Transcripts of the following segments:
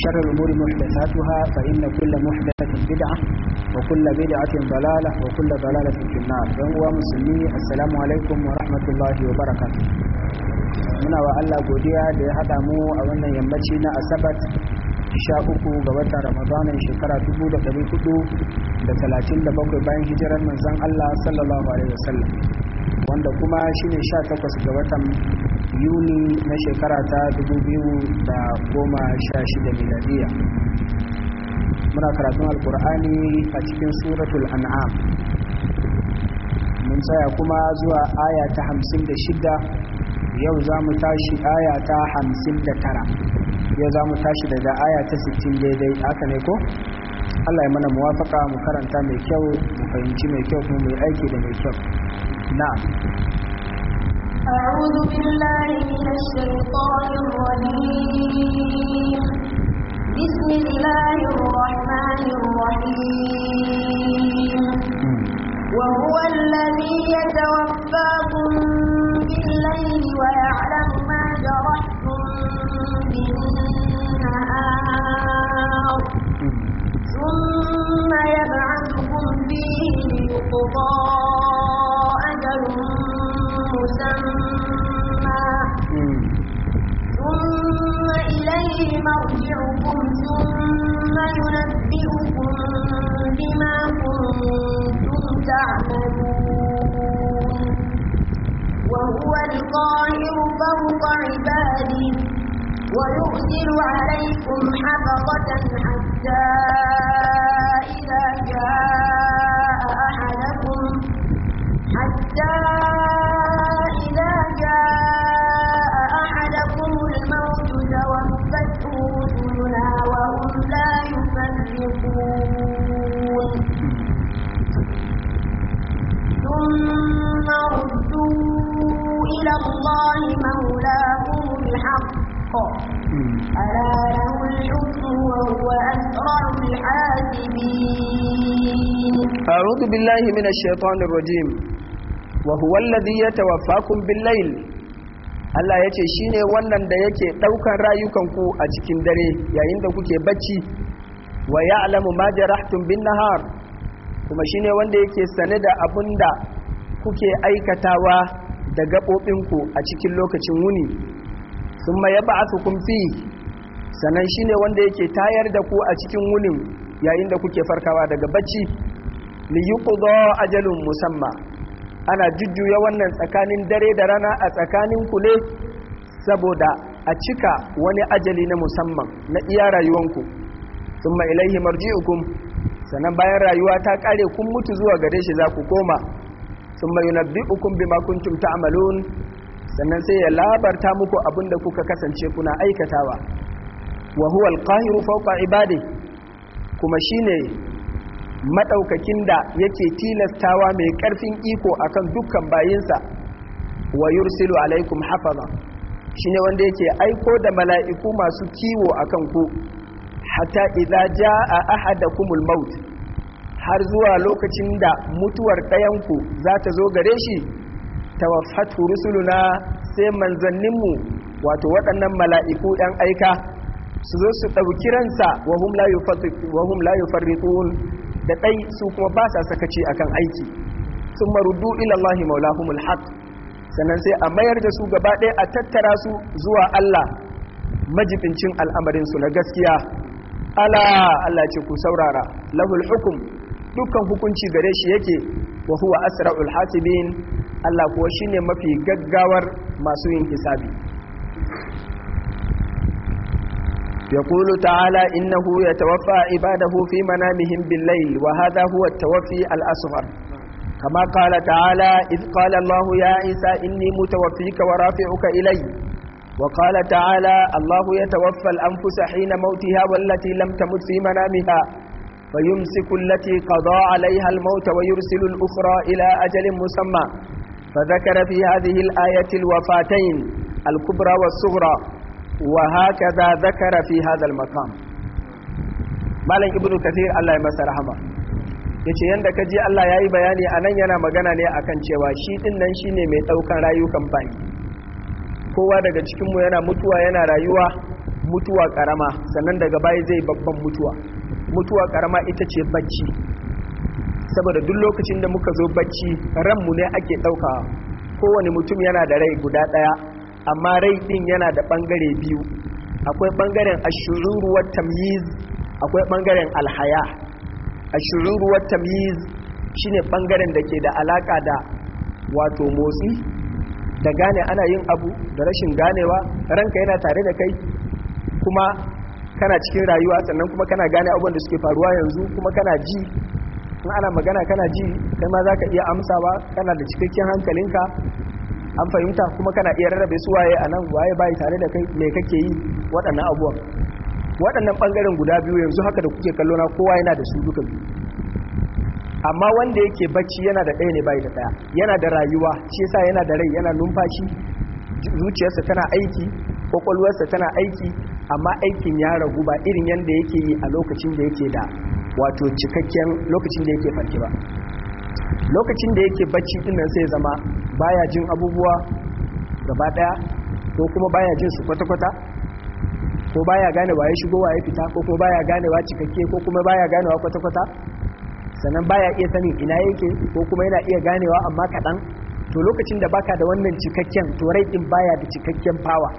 وشر الأمور محدثاتها فإن كل محدثة بدعة وكل بدعة ضلالة وكل ضلالة في النار يوم مسلمي السلام عليكم ورحمة الله وبركاته muna wa Allah godiya da ya haɗa mu a wannan yammaci na asabat sha uku ga watan ramadanin shekara dubu da ɗari hudu da talatin da bakwai bayan hijirar manzon Allah sallallahu alaihi wasallam wanda kuma shi shine 18 ga watan yuni na shekara ta 2016 miladiya muna karatun alkur'ani a cikin suratul an'am mun tsaya kuma zuwa aya ta 56 yau za mu tashi aya ta 59 yau za mu tashi daga aya ta sittin daidai aka ne ko Allah ya mana muwafaka mu karanta mai kyau mu fahimci mai kyau kuma mu aiki da mai kyau نعم أعوذ بالله من الشيطان الرجيم بسم الله الرحمن الرحيم وهو الذي يتوفاكم بالليل ويعلم ما جرحتم بالنهار ثم ويرسل عليكم حفظة حتى أعوذ بالله من الشيطان الرجيم وهو الذي يتوفاكم بالليل Allah ya ce shi ne wannan da yake ɗaukan rayukanku a cikin dare yayin da kuke bacci wa ya alamu ma jarahtum bin nahar kuma shi ne wanda yake sane da abin da kuke aikatawa da gaɓoɓinku a cikin lokacin wuni sun ma ya ba'a fi sannan shi ne wanda yake tayar da ku a cikin wunin yayin da kuke farkawa daga bacci liyuqda ajalin musamma ana jujjuya wannan tsakanin dare da rana a tsakanin kule saboda a cika wani ajali na musamman na iya rayuwanku thumma ilaihi marji'ukum sannan bayan rayuwa ta kare kun mutu zuwa gare shi za ku koma thumma yunabbi'ukum bima kuntum ta'malun sannan sai ya labarta muku abinda kuka kasance kuna aikatawa wa huwa al-qahiru fawqa ibadi kuma shine madaukakin da yake tilastawa mai ƙarfin iko akan dukkan bayinsa wa yursilu alaikum hafaza shine wanda yake aiko da mala'iku masu kiwo akan ku Hata hatta idza jaa kumul maut har zuwa lokacin da mutuwar ɗayanku za ta zo gare shi tawaffatu rusuluna sai manzanninmu wato waɗannan mala'iku ‘yan aika su zo su ɗauki ransa wa hum la yufarriqun da ɗai su kuma ba sa sakaci kan aiki sun marudu ilallahi maulahumul haq sannan sai a mayar da su gaba ɗaya a tattara su zuwa Allah majibincin al'amarinsu na gaskiya ala Allah ce ku saurara lahul hukum dukkan hukunci gare shi yake wa huwa asra'ul hasibin Allah kuwa shine mafi gaggawar masu yin hisabi يقول تعالى إنه يتوفى عباده في منامهم بالليل وهذا هو التوفي الأصغر كما قال تعالى إذ قال الله يا عيسى إني متوفيك ورافعك إلي وقال تعالى الله يتوفى الأنفس حين موتها والتي لم تمت في منامها فيمسك التي قضى عليها الموت ويرسل الأخرى إلى أجل مسمى فذكر في هذه الآية الوفاتين الكبرى والصغرى wa hakaza zakara fi hadal makam malam ibnu kathir Allah ya masa rahama yace yanda ji Allah ya yi bayani anan yana magana ne a kan cewa shi din nan shi ne mai ɗaukan rayukan kamfani. kowa daga cikinmu yana mutuwa yana rayuwa mutuwa karama sannan daga baya zai babban mutuwa mutuwa karama ita ce bacci saboda duk lokacin da muka zo bacci ranmu ne ake ɗaukawa, kowane mutum yana da rai guda ɗaya. amma rai din yana da bangare biyu akwai bangaren ashururu wa tamyiz akwai bangaren alhaya ashururu wa tamyiz shine bangaren da ke da alaka da wato motsi da gane ana yin abu da rashin ganewa ranka yana tare da kai kuma kana cikin rayuwa sannan kuma kana gane abubuwan da suke faruwa yanzu kuma kana ji in ana magana kana ji kai ma za ka iya amsawa kana da cikakken hankalinka an fahimta kuma kana iya rarrabe su waye a nan waye bai tare da kai me kake yi waɗannan abubuwan waɗannan ɓangaren guda biyu yanzu haka da kuke kallona kowa yana da su duka biyu amma wanda yake bacci yana da ɗaya ne bai da ɗaya yana da rayuwa shi yasa yana da rai yana numfashi zuciyarsa tana aiki kwakwalwarsa tana aiki amma aikin ya ragu ba irin yadda yake yi a lokacin da yake da wato cikakken lokacin da yake farki ba lokacin da yake bacci dinnan sai zama baya jin abubuwa gaba daya ko kuma baya jin su kwata-kwata ko baya gane waye shigo waye fita ko kuma baya ganewa cikakke ko kuma baya ganewa kwata-kwata sannan baya iya sanin ina yake ko kuma yana iya ganewa amma kaɗan to lokacin da baka da wannan cikakken to rai din baya da cikakken fawa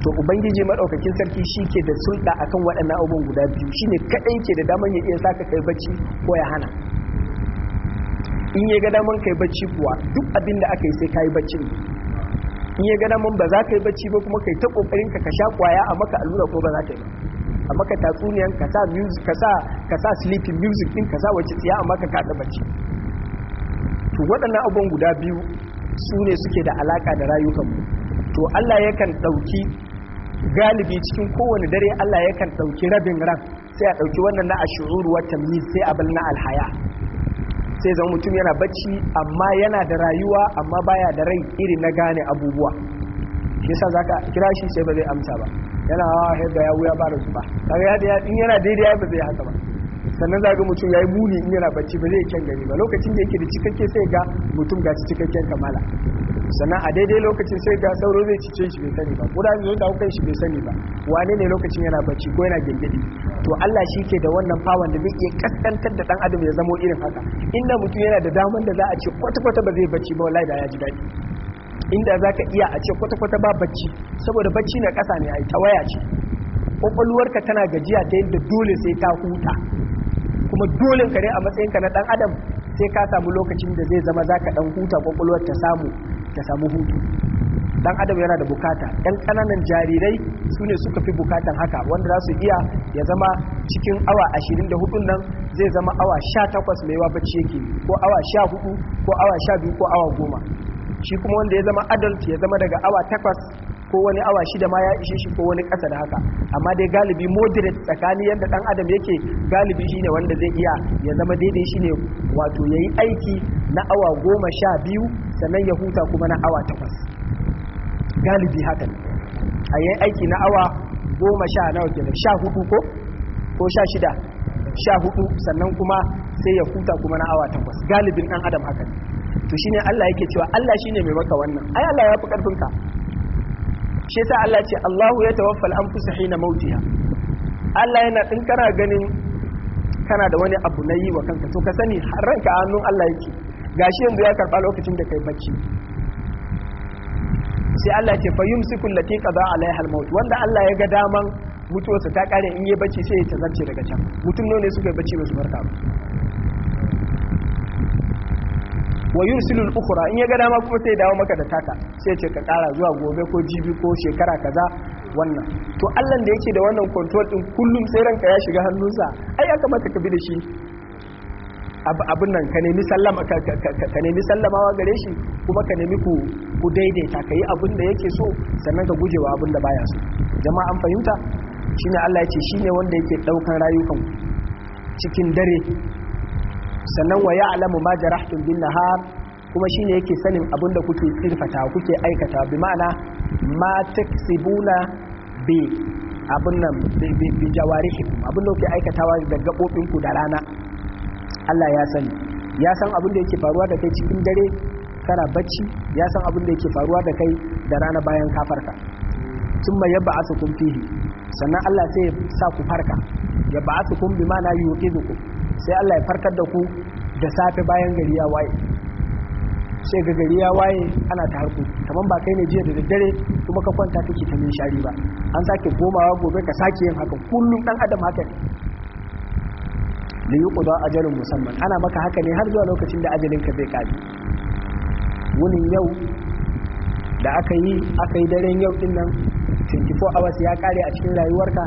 to ubangiji madaukakin sarki shi ke da sulɗa akan waɗannan abubuwan guda biyu shine kaɗai ke da daman ya iya saka kai bacci ko ya hana in ya ga daman kai bacci kuwa duk abin da aka yi sai kayi yi bacci in ya ga daman ba za ka yi bacci ba kuma kai ta kokarin ka ka sha kwaya a maka allura ko ba za ka yi a maka tatsuniyan ka sa music music din ka sa wace tsiya a maka kada bacci to waɗannan abubuwan guda biyu su ne suke da alaka da rayukanmu to Allah yakan ɗauki galibi cikin kowane dare Allah yakan ɗauki rabin ran sai a ɗauki wannan na ashuru wa tamyiz sai abin na alhaya sai zama mutum yana bacci amma yana da rayuwa amma baya da rai irin na gane abubuwa shi yasa zaka kira shi sai ba zai amsa ba yana hawa yadda ya wuya bara su ba kaga ya in yana daidai ba zai haka ba sannan ga mutum ya yi muni in yana bacci ba zai kyan gani ba lokacin da yake da cikakke sai ga mutum ga cikakken kamala sannan a daidai lokacin sai ga sauro zai cice shi bai sani ba kuda zai da kai shi bai sani ba wane ne lokacin yana bacci ko yana gindidi to Allah shi ke da wannan fawan da zai iya kaskantar da dan adam ya zamo irin haka inda mutum yana da daman da za a ce kwata kwata ba zai bacci ba wallahi da ya ji daɗi inda za ka iya a ce kwata kwata ba bacci saboda bacci na ƙasa ne ai tawaya ce kwakwalwarka tana gajiya ta yadda dole sai ta huta kuma dole ka ne a matsayinka na dan adam sai ka samu lokacin da zai zama zaka dan huta kokolwar ta samu ta samu hutu dan adam yana da bukata yan kananan jarirai su ne suka fi bukatan haka wanda za su iya ya zama cikin awa ashirin da 24 nan zai zama awa sha takwas mai bacci yake ko awa 14 ko awa biyu ko awa goma shi kuma wanda ya zama adult ya zama daga awa takwas. ko wani awa shida ma ya ishe shi ko wani ƙasa da haka amma dai galibi moderate tsakani yadda dan adam yake galibi shine wanda zai iya ya zama daidai shine wato yayi aiki na awa goma sha biyu sannan ya huta kuma na awa takwas galibi haka a yi aiki na awa goma sha nawa kenan sha hudu ko ko sha shida sha hudu sannan kuma sai ya huta kuma na awa takwas galibin dan adam haka ne to shine Allah yake cewa Allah shine mai maka wannan ai Allah ya fi karfin ka shi yasa Allah ce Allahu ya tawaffa al-anfusa hina mautiha Allah yana din kana ganin kana da wani abu na yi wa kanka to ka sani ranka hannun Allah yake gashi yanzu ya karba lokacin da kai bacci sai Allah ce fa yumsiku allati qada alaiha al-maut wanda Allah ya ga daman mutuwarsa ta kare in yi bacci sai ya tazarce daga can mutum ne suka yi bacci ba su barka ba wa yursilul ukhra in ya ga dama kuma sai dawo maka da taka sai ce ka kara zuwa gobe ko jibi ko shekara kaza wannan to Allah da yake da wannan control din kullum sai ranka ya shiga hannunsa ai aka mata ka bi da shi abin nan ka nemi sallama ka sallamawa gare shi kuma ka nemi ku ku daidaita ka yi abin da yake so sannan ka gujewa abin da baya so jama'a an fahimta shine Allah ya ce shine wanda yake ɗaukan rayukan cikin dare sannan wa ya'lamu ma jarahtum bin nahar kuma shine yake sanin abinda da kuke tsirfata kuke aikata bi ma'ana ma taksibuna bi abin nan bi jawarihikum abin da kuke aikatawa da gabobin ku da rana Allah ya sani ya san abin da yake faruwa da kai cikin dare kana bacci ya san abin da yake faruwa da kai da rana bayan ka farka yabba asukun fihi sannan Allah sai ya sa ku farka asukun bi ma'ana yuqidukum sai Allah ya farkar da ku da safe bayan gari ya waye sai ga gari ya waye ana ta harku kamar ba kai ne jiya da daddare kuma ka kwanta kake ta min shari ba an sake gomawa gobe ka sake yin haka kullum dan adam haka ne da yi ajalin musamman ana maka haka ne har zuwa lokacin da ajalin ka zai kaji wunin yau da aka yi aka yi daren yau din nan 24 hours ya kare a cikin rayuwarka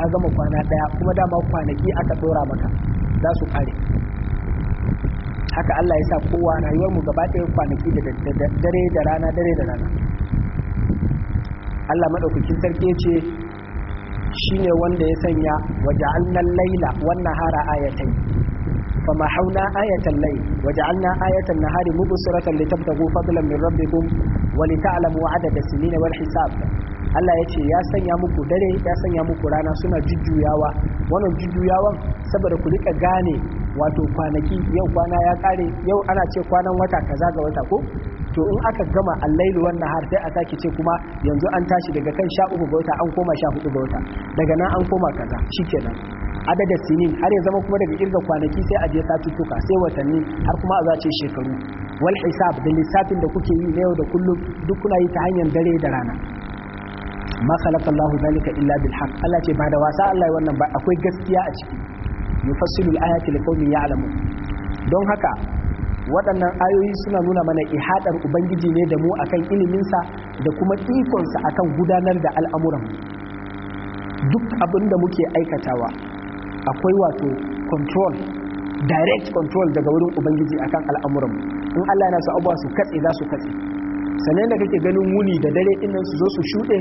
ka gama kwana daya kuma dama kwanaki aka tsora maka za su kare haka Allah ya sa kowa rayuwar mu ga ɗaya kwanaki da dare da rana dare da rana Allah maɗaukakin sarki ce shi ne wanda ya sanya waje annan laila wannan hara ayatai kama hauna ayatan lai waje annan ayatan na hari mubu suratan littattafa gufa bilan mai rabbi gum wani ta'alamu wa adada su ne wani hisab Allah ya ce ya sanya muku dare ya sanya muku rana suna jujjuyawa wannan jujjuyawan saboda ku rika gane wato kwanaki yau kwana ya kare yau ana ce kwanan wata kaza ga wata ko to in aka gama allailu wannan har sai a saki ce kuma yanzu an tashi daga kan sha uku ga wata an koma sha hudu ga wata daga nan an koma kaza shikenan adadin sinin har ya zama kuma daga kirga kwanaki sai a je satuttuka sai watanni har kuma a zace shekaru wal hisab da lissafin da kuke yi na yau da kullum duk kuna yi ta hanyar dare da rana ma khalaqa Allahu zalika illa bil haqq Allah ce ba da wasa Allah wannan ba akwai gaskiya a ciki yufassilu al ayati liqaumin ya'lamun don haka waɗannan ayoyi suna nuna mana ihadar ubangiji ne da mu akan iliminsa da kuma ikonsa akan gudanar da al'amuran duk abin da muke aikatawa akwai wato control direct control daga wurin ubangiji akan al'amuran in Allah yana so abuwa su katse za su katse sannan da kake ganin wuni da dare ɗinnan su zo su shuɗe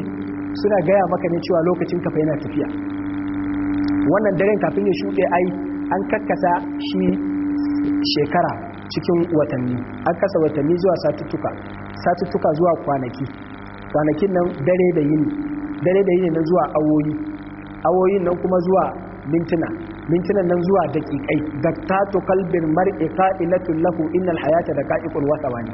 suna gaya maka ne cewa lokacin kafa yana tafiya wannan daren kafin ya shuɗe ai an kakkasa shi shekara cikin watanni an kasa watanni zuwa satuttuka satuttuka zuwa kwanaki kwanakin nan dare da yini dare da yini na zuwa awoyi awoyin nan kuma zuwa mintuna mintunan nan zuwa daƙiƙai da ta kalbin ilatun lahu innal hayata da qa'iqul wani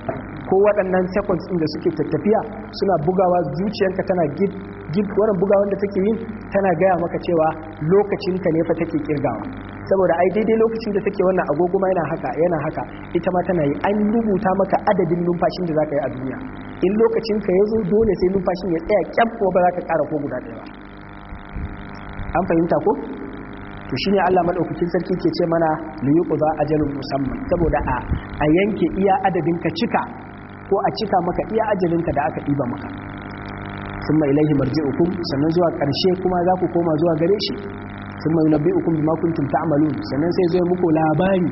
ko waɗannan seconds ɗin da suke tattafiya suna bugawa zuciyarka tana gid gid bugawar da take yin tana gaya maka cewa lokacinka ne fa take kirgawa saboda ai daidai lokacin da take wannan agogo yana haka yana haka ita ma tana yi an rubuta maka adadin numfashin da zaka yi a duniya in lokacinka ya zo dole sai numfashin ya tsaya kyam kuma ba za ka ƙara ko guda ɗaya ba an fahimta ko to shine Allah madaukakin sarki ke ce mana liyuqza ajalun musamman saboda a a yanke iya adadin ka cika ko a cika maka iya ajalinka da aka ɗiba maka sun mai ilaihi ukun. sannan zuwa ƙarshe kuma za ku koma zuwa gare shi sun mai nabbi'ukum bima kuntum ta'malun sannan sai zai muku labari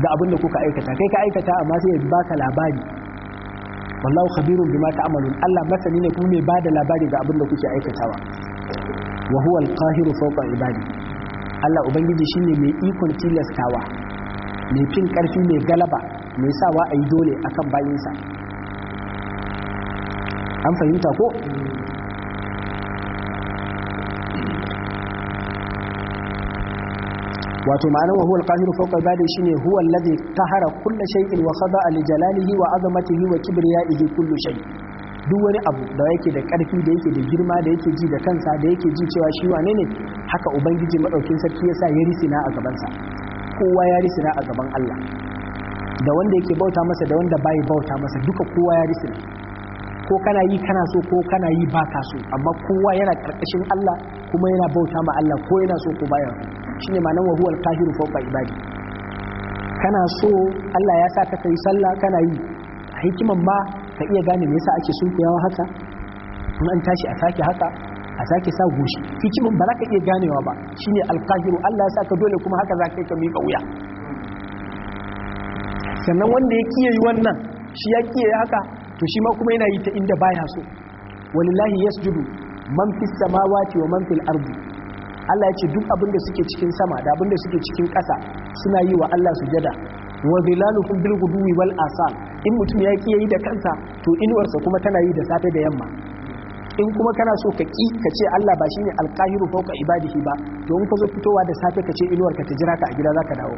da abin da kuka aikata kai ka aikata amma sai ya baka labari wallahu khabirun bima ta'malun Allah masani ne kuma mai bada labari ga abin da kuke aikatawa wa huwa al fawqa ibadi Allah ubangiji shine mai ikon tilastawa mai fin karfi mai galaba me yasa ba a yi dole akan bayinsa an fahimta ko wato ma'anar wa huwal al-qahir fawqa al shine huwa alladhi qahara kull shay'in wa khada'a li jalalihi wa 'azamatihi wa kibriya'ihi kullu shay duk wani abu da yake da karfi da yake da girma da yake ji da kansa da yake ji cewa shi wane ne haka ubangiji madaukin sarki yasa ya risina a gaban kowa ya risina a gaban Allah da wanda yake bauta masa da wanda bai bauta masa duka kowa ya risina ko kana yi kana so ko kana yi ba ka so amma kowa yana karkashin Allah kuma yana bauta ma Allah ko yana so ko baya shine ma'anar wa huwa kahiru qahiru fawqa ibadi kana so Allah ya sa kai sallah kana yi hikiman ma ka iya gane me yasa ake sunkuyawa haka kuma an tashi a sake haka a sake sa goshi hikiman ba za ka iya ganewa ba shi ne alkahiru Allah ya sa dole kuma haka za ka yi ka miƙa wuya sannan wanda ya kiyaye wannan shi ya kiyaye haka to shi ma kuma yana yi ta inda baya so wallahi yasjudu man fis samawati wa man fil ardi Allah ya ce duk abin da suke cikin sama da abin da suke cikin ƙasa suna yi wa Allah sujada wa zilaluhum bil ghudwi wal asal in mutum ya kiyaye da kansa to inuwarsa kuma tana yi da safe da yamma in kuma kana so ka ki ka ce Allah ba shine alqahiru fawqa ibadihi ba to in ka zo fitowa da safe ka ce inuwarka ta jira ka a gida zaka dawo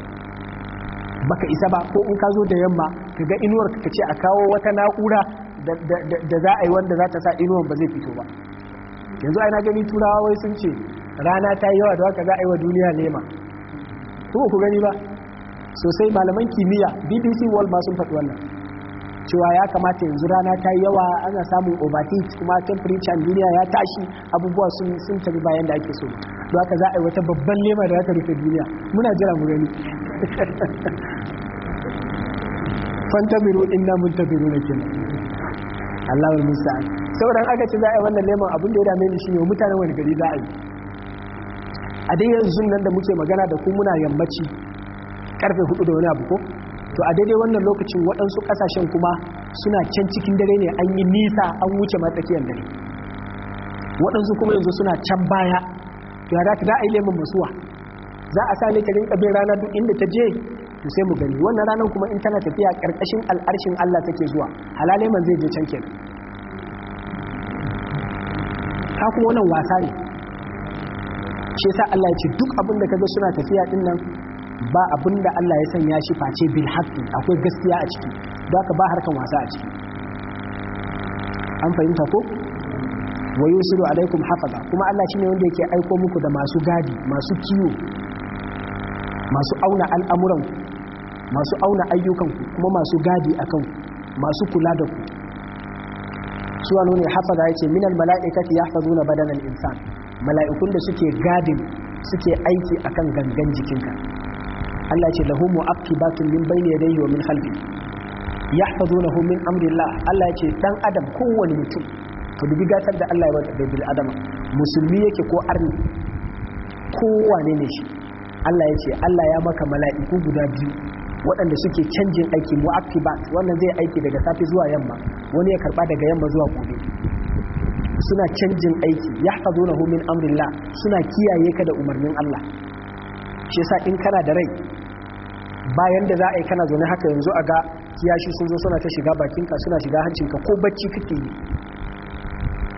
baka isa ba ko in ka zo da yamma ka ga inuwar ka ce a kawo wata na'ura da za a yi wanda za ta sa inuwar ba zai fito ba yanzu ana gani turawa wai sun ce rana ta yi yawa da waka za a yi wa duniya nema. ko ku gani ba sosai malaman kimiyya bbc world ma sun faɗi wannan cewa ya kamata yanzu rana ta yi yawa ana samun overheat kuma temperature duniya ya tashi abubuwa sun sun tabi bayan da ake so don haka za a yi wata babban nema da ta rufe duniya muna jira mu gani fantabiru inna muntabiru ne kenan Allahul musta'an saboda aka ce za a yi wannan neman abin da ya dame ni shine mutanen wani gari za a yi a dai yanzu nan da muke magana da ku muna yammaci karfe hudu da wani abu ko to a daidai wannan lokacin waɗansu ƙasashen kuma suna can cikin dare ne an yi nisa an wuce matsakiyar dare waɗansu kuma yanzu suna can baya to ya za a yi neman masuwa za a sa ne ka rinka bin rana duk inda ta je to sai mu gani wannan ranar kuma in tana tafiya karkashin al'arshin Allah take zuwa halalai man zai je can kenan ka kuma wannan wasa ne shi yasa Allah ya ce duk abin da kaga suna tafiya din nan ba abin da Allah ya sanya shi face bil haqqi akwai gaskiya a ciki don haka ba harkan wasa a ciki an fahimta ko wa yusiru alaikum hafaza kuma Allah shine wanda yake aiko muku da masu gadi masu kiwo masu auna al'amuran masu auna ayyukan kuma masu gadi a kan masu kula da ku suwa ce hafaza yace minal mala'ikati yahfazuna badanan insan mala'ikun da suke gadin suke aiki akan gangan jikinka Allah ce lahu mu'aqibatun min bayni yi wa min khalfi yahfazunahu homin amurila Allah ce dan adam kowane mutum ta dubi gatar da Allah ya bai bil adama musulmi yake ko arni kowane ne shi Allah ya ce Allah ya maka mala'iku guda biyu waɗanda suke canjin aiki mu'aqibat wannan zai aiki daga safe zuwa yamma wani ya karba daga yamma zuwa gobe suna canjin aiki na homin amrillah suna kiyaye ka da umarnin Allah shi yasa in kana da rai bayan da za a yi kana zaune haka yanzu a ga kiyashi sun zo suna ta shiga bakinka suna shiga hancinka ko bacci kake yi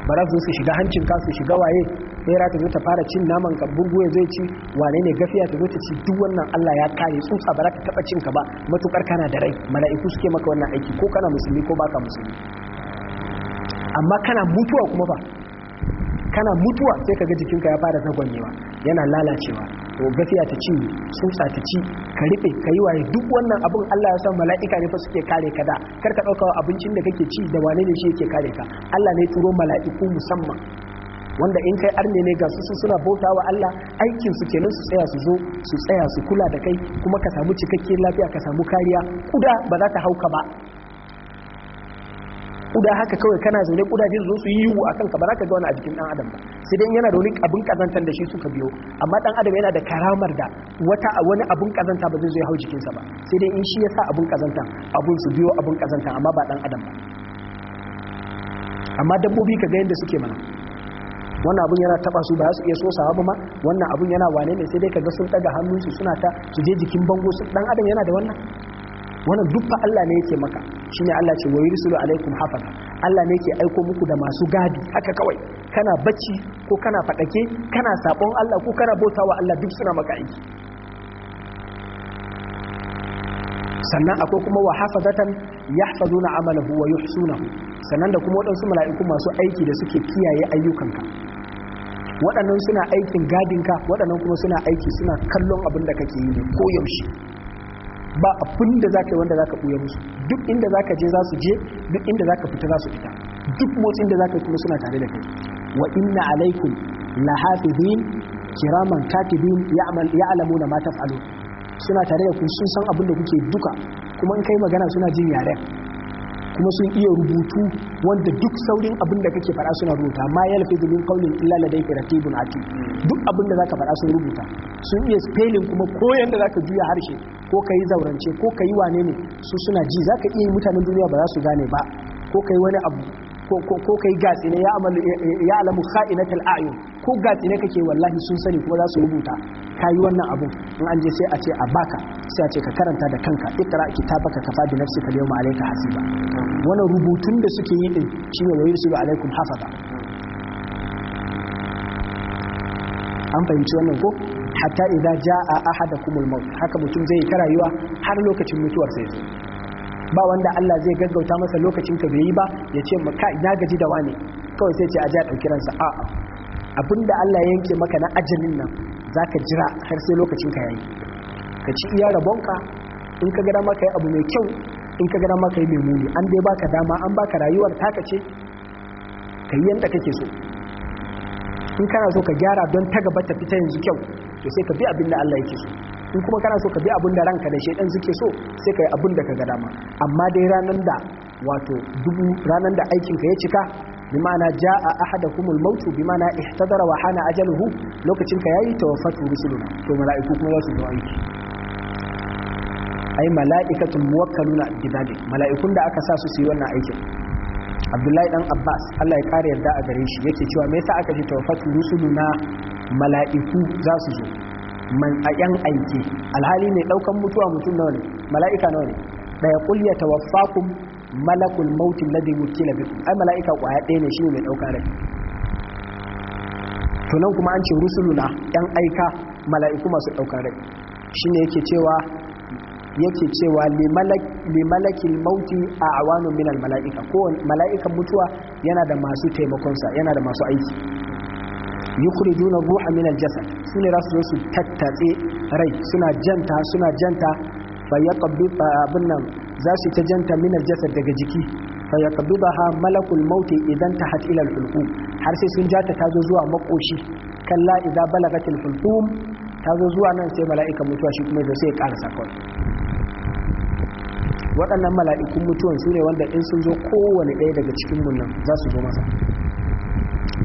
ba za su shiga hancinka su shiga waye bera ta zo ta fara cin naman ka bugu ya zai ci wane ne gafiya ta zo ta ci duk wannan Allah ya kare tsutsa ba za taba cin ka ba matukar kana da rai mala'iku suke maka wannan aiki ko kana musulmi ko baka musulmi amma kana mutuwa kuma ba kana mutuwa sai ka ga jikinka ya fara zagwanyewa yana lalacewa to gafiya ta ci tsutsa ta ci ka rufe ka yi waye duk wannan abun Allah ya san mala'ika ne fa suke kare ka da kar ka dauka abincin da kake ci da wane ne shi yake kare ka Allah ne turo mala'iku musamman wanda in kai arne ne ga su suna bauta wa Allah aikin su kenan su tsaya su zo su tsaya su kula da kai kuma ka samu cikakkiyar lafiya ka samu kariya kuda ba za ta hauka ba kuda haka kawai kana zaune kudaje zo su yi yiwu akan kanka ba za ka ga wani a jikin dan adam ba sai dai yana da wani abin kazantar da shi suka biyo amma dan adam yana da karamar da wata wani abin kazanta ba zai zo ya hau jikinsa ba sai dai in shi ya sa abin kazanta abun su biyo abin kazanta amma ba dan adam ba amma dabbobi ka ga yadda suke mana wannan abun yana taba su ba su iya so sawa ma wannan abun yana wane ne sai dai kaga sun daga hannun su suna ta su je jikin bango su dan adam yana da wannan wannan duk fa Allah ne yake maka shine Allah ce wa yursulu alaikum hafaza Allah ne yake aiko muku da masu gadi haka kawai kana bacci ko kana fadake kana sabon Allah ko kana bautawa Allah duk suna maka aiki sannan akwai kuma wa hafazatan yahfazuna amalahu wa yuhsunahu sannan da kuma waɗansu mala'iku masu aiki da suke kiyaye ayyukanka waɗannan suna aikin gadinka waɗannan kuma suna aiki suna kallon abin da kake yi koyaushe ko yaushe ba da za yi wanda za ka musu duk inda za je za su je duk inda za fita za su fita duk motsin da za ka yi kuma suna tare da kai wa inna alaikum la kiraman katibin ya'lamuna ma taf'alun suna tare da ku sun san abin da kuke duka kuma in kai magana suna jin yaren kuma sun iya rubutu wanda duk saurin abin da kake fara suna rubuta ma ya lafi zumin kaunin illa ladai a ati duk abin da ka fara sun rubuta sun iya spelin kuma koyan da yanda ka juya harshe ko ka yi zaurance ko yi wane ne su suna ji za ka iya yi mutanen duniya ba za su gane ba ko ka yi wani abu ko ka yi gatsi ne ya alamu kha'inat al'ayun ko gatsi ne kake wallahi sun sani kuma za su rubuta yi wannan abun in an je sai a ce a baka sai ya ce ka karanta da kanka ikra kitabaka kafa bi nafsika a yawma alayka hasiba wannan rubutun da suke yi din shine wa yursilu alaykum ba. an fahimci wannan ko hatta idza jaa ahadakumul maut haka mutum zai ta rayuwa har lokacin mutuwar sai ba wanda Allah zai gaggauta masa lokacin ka bai ba ya ce maka ina gaji da wani kawai sai ce a ja dauki ransa a'a abinda Allah ya yanke maka na ajalin nan zaka jira har sai lokacin ka yayi ka ci iya rabonka in ka gada maka yi abu mai kyau in ka gada maka yi mai muni an dai baka dama an baka rayuwar taka ce ka kai ka kake so in kana so ka gyara don ta gaba ta fita yanzu kyau to sai ka bi abin da Allah yake so in kuma kana so ka bi abin da ranka da shaidan suke so sai ka yi abin da ka ga dama amma dai ranar da wato dubu ranar da aikin ka ya cika bi ma'ana ja'a ahadakumul mautu bi ma'ana ihtadara wa hana ajaluhu lokacin ka yayi tawaffatu rusuluna to mala'iku kuma za su zo aiki ai mala'ikatun muwakkaluna bidalik mala'ikun da aka sa su su yi wannan aikin abdullahi dan abbas allah ya kare yarda a gare shi yake cewa me yasa aka ji tawaffatu rusuluna mala'iku za su zo man a yan aiki alhali ne daukan mutuwa mutum nawa ne mala'ika nawa ne da ya kulya tawaffakum malakul maut alladhi wukila bikum ai mala'ika kwaya ɗaya ne shine mai dauka rai to nan kuma an ce rusuluna yan aika mala'iku masu dauka rai shine yake cewa yake cewa limalakil mauti a awanu minal mala'ika ko mala'ikan mutuwa yana da masu taimakonsa yana da masu aiki yukhrijuna ruha minar aljasad sune rasu su tattatse rai suna janta suna janta fa abin nan za su ta janta minar jasad daga jiki fa ha, malakul Mauti, idan tahat ilal alhulqum har sai sun jata ta zo zuwa makoshi kalla idza balagatil hulqum ta zo zuwa nan sai mala'ika mutuwa shi kuma sai ya ƙara kawai waɗannan mala'ikun mutuwan su ne wanda in sun zo kowane ɗaya daga cikin munan za su zo masa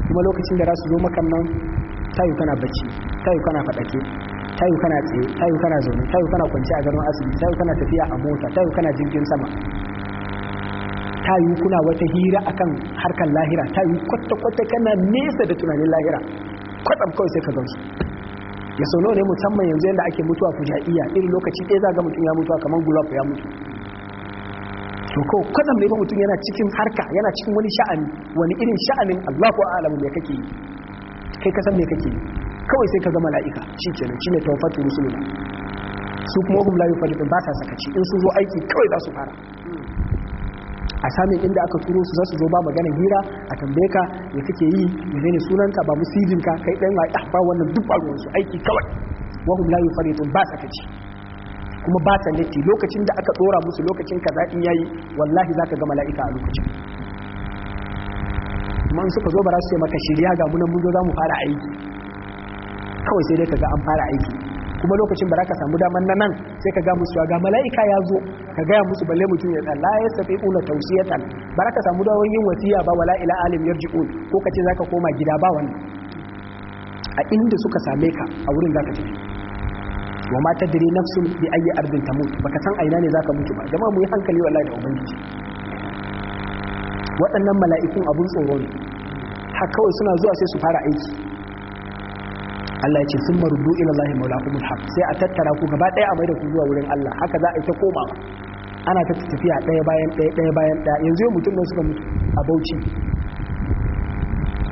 kuma lokacin da za su zo makan nan tayu kana bacci tayu kana faɗake tayu kana tsaye tayu kana zaune tayu kana kwanci a garin asibiti tayu kana tafiya a mota tayu kana jirgin sama tayu kuna wata hira akan harkar lahira tayu kwata-kwata kana nesa da tunanin lahira kwatsam kawai sai ka gamsu ya sau ne musamman yanzu yadda ake mutuwa fuja'iya irin lokaci ɗaya za ga mutum ya mutuwa kamar gulab ya mutu to ko kwatsam mai mutum yana cikin harka yana cikin wani sha'ani wani irin sha'anin Allahu a'lamu me kake yi kai ka me kake yi kawai sai ka zama mala'ika shikenan shine tawaffatu rusuluna su kuma hum la yufarriqun ba ta sakaci in su zo aiki kawai za su fara a samin inda aka turo su za su zo ba magana hira a tambaye ka me kake yi ne sunanka ba musijinka kai dan ah, ba wannan duk ba su aiki kawai wa hum la ba sakaci kuma ba ta latti lokacin da aka dora musu lokacin ka ya yayi wallahi za ka ga mala'ika a lokacin man suka zo ba su ce maka shirya ga munan mun za mu fara aiki kawai sai dai ka ga an fara aiki kuma lokacin ba ka samu damar na nan sai ka ga musu ga mala'ika ya zo ka gaya musu balle mutum ya tsalla ya safi una tausiyatan ba za ka samu daman yin wasiya ba wala ila alim yarji'un ko ka ce za ka koma gida ba wannan a inda suka same ka a wurin za ka tafi wa ma tadri nafsun bi ayi ardin tamut baka san aina ne zaka mutu ba jama'a mu yi hankali wallahi da ubangiji waɗannan mala'ikun abun tsoro ne har kawai suna zuwa sai su fara aiki Allah ya ce sun marudu ila Allah maulakumul haq sai a tattara ku gaba ɗaya a maida ku zuwa wurin Allah haka za a yi ta komawa ana ta tafiya ɗaya bayan ɗaya ɗaya bayan ɗaya yanzu yau mutum ne suka mutu a Bauchi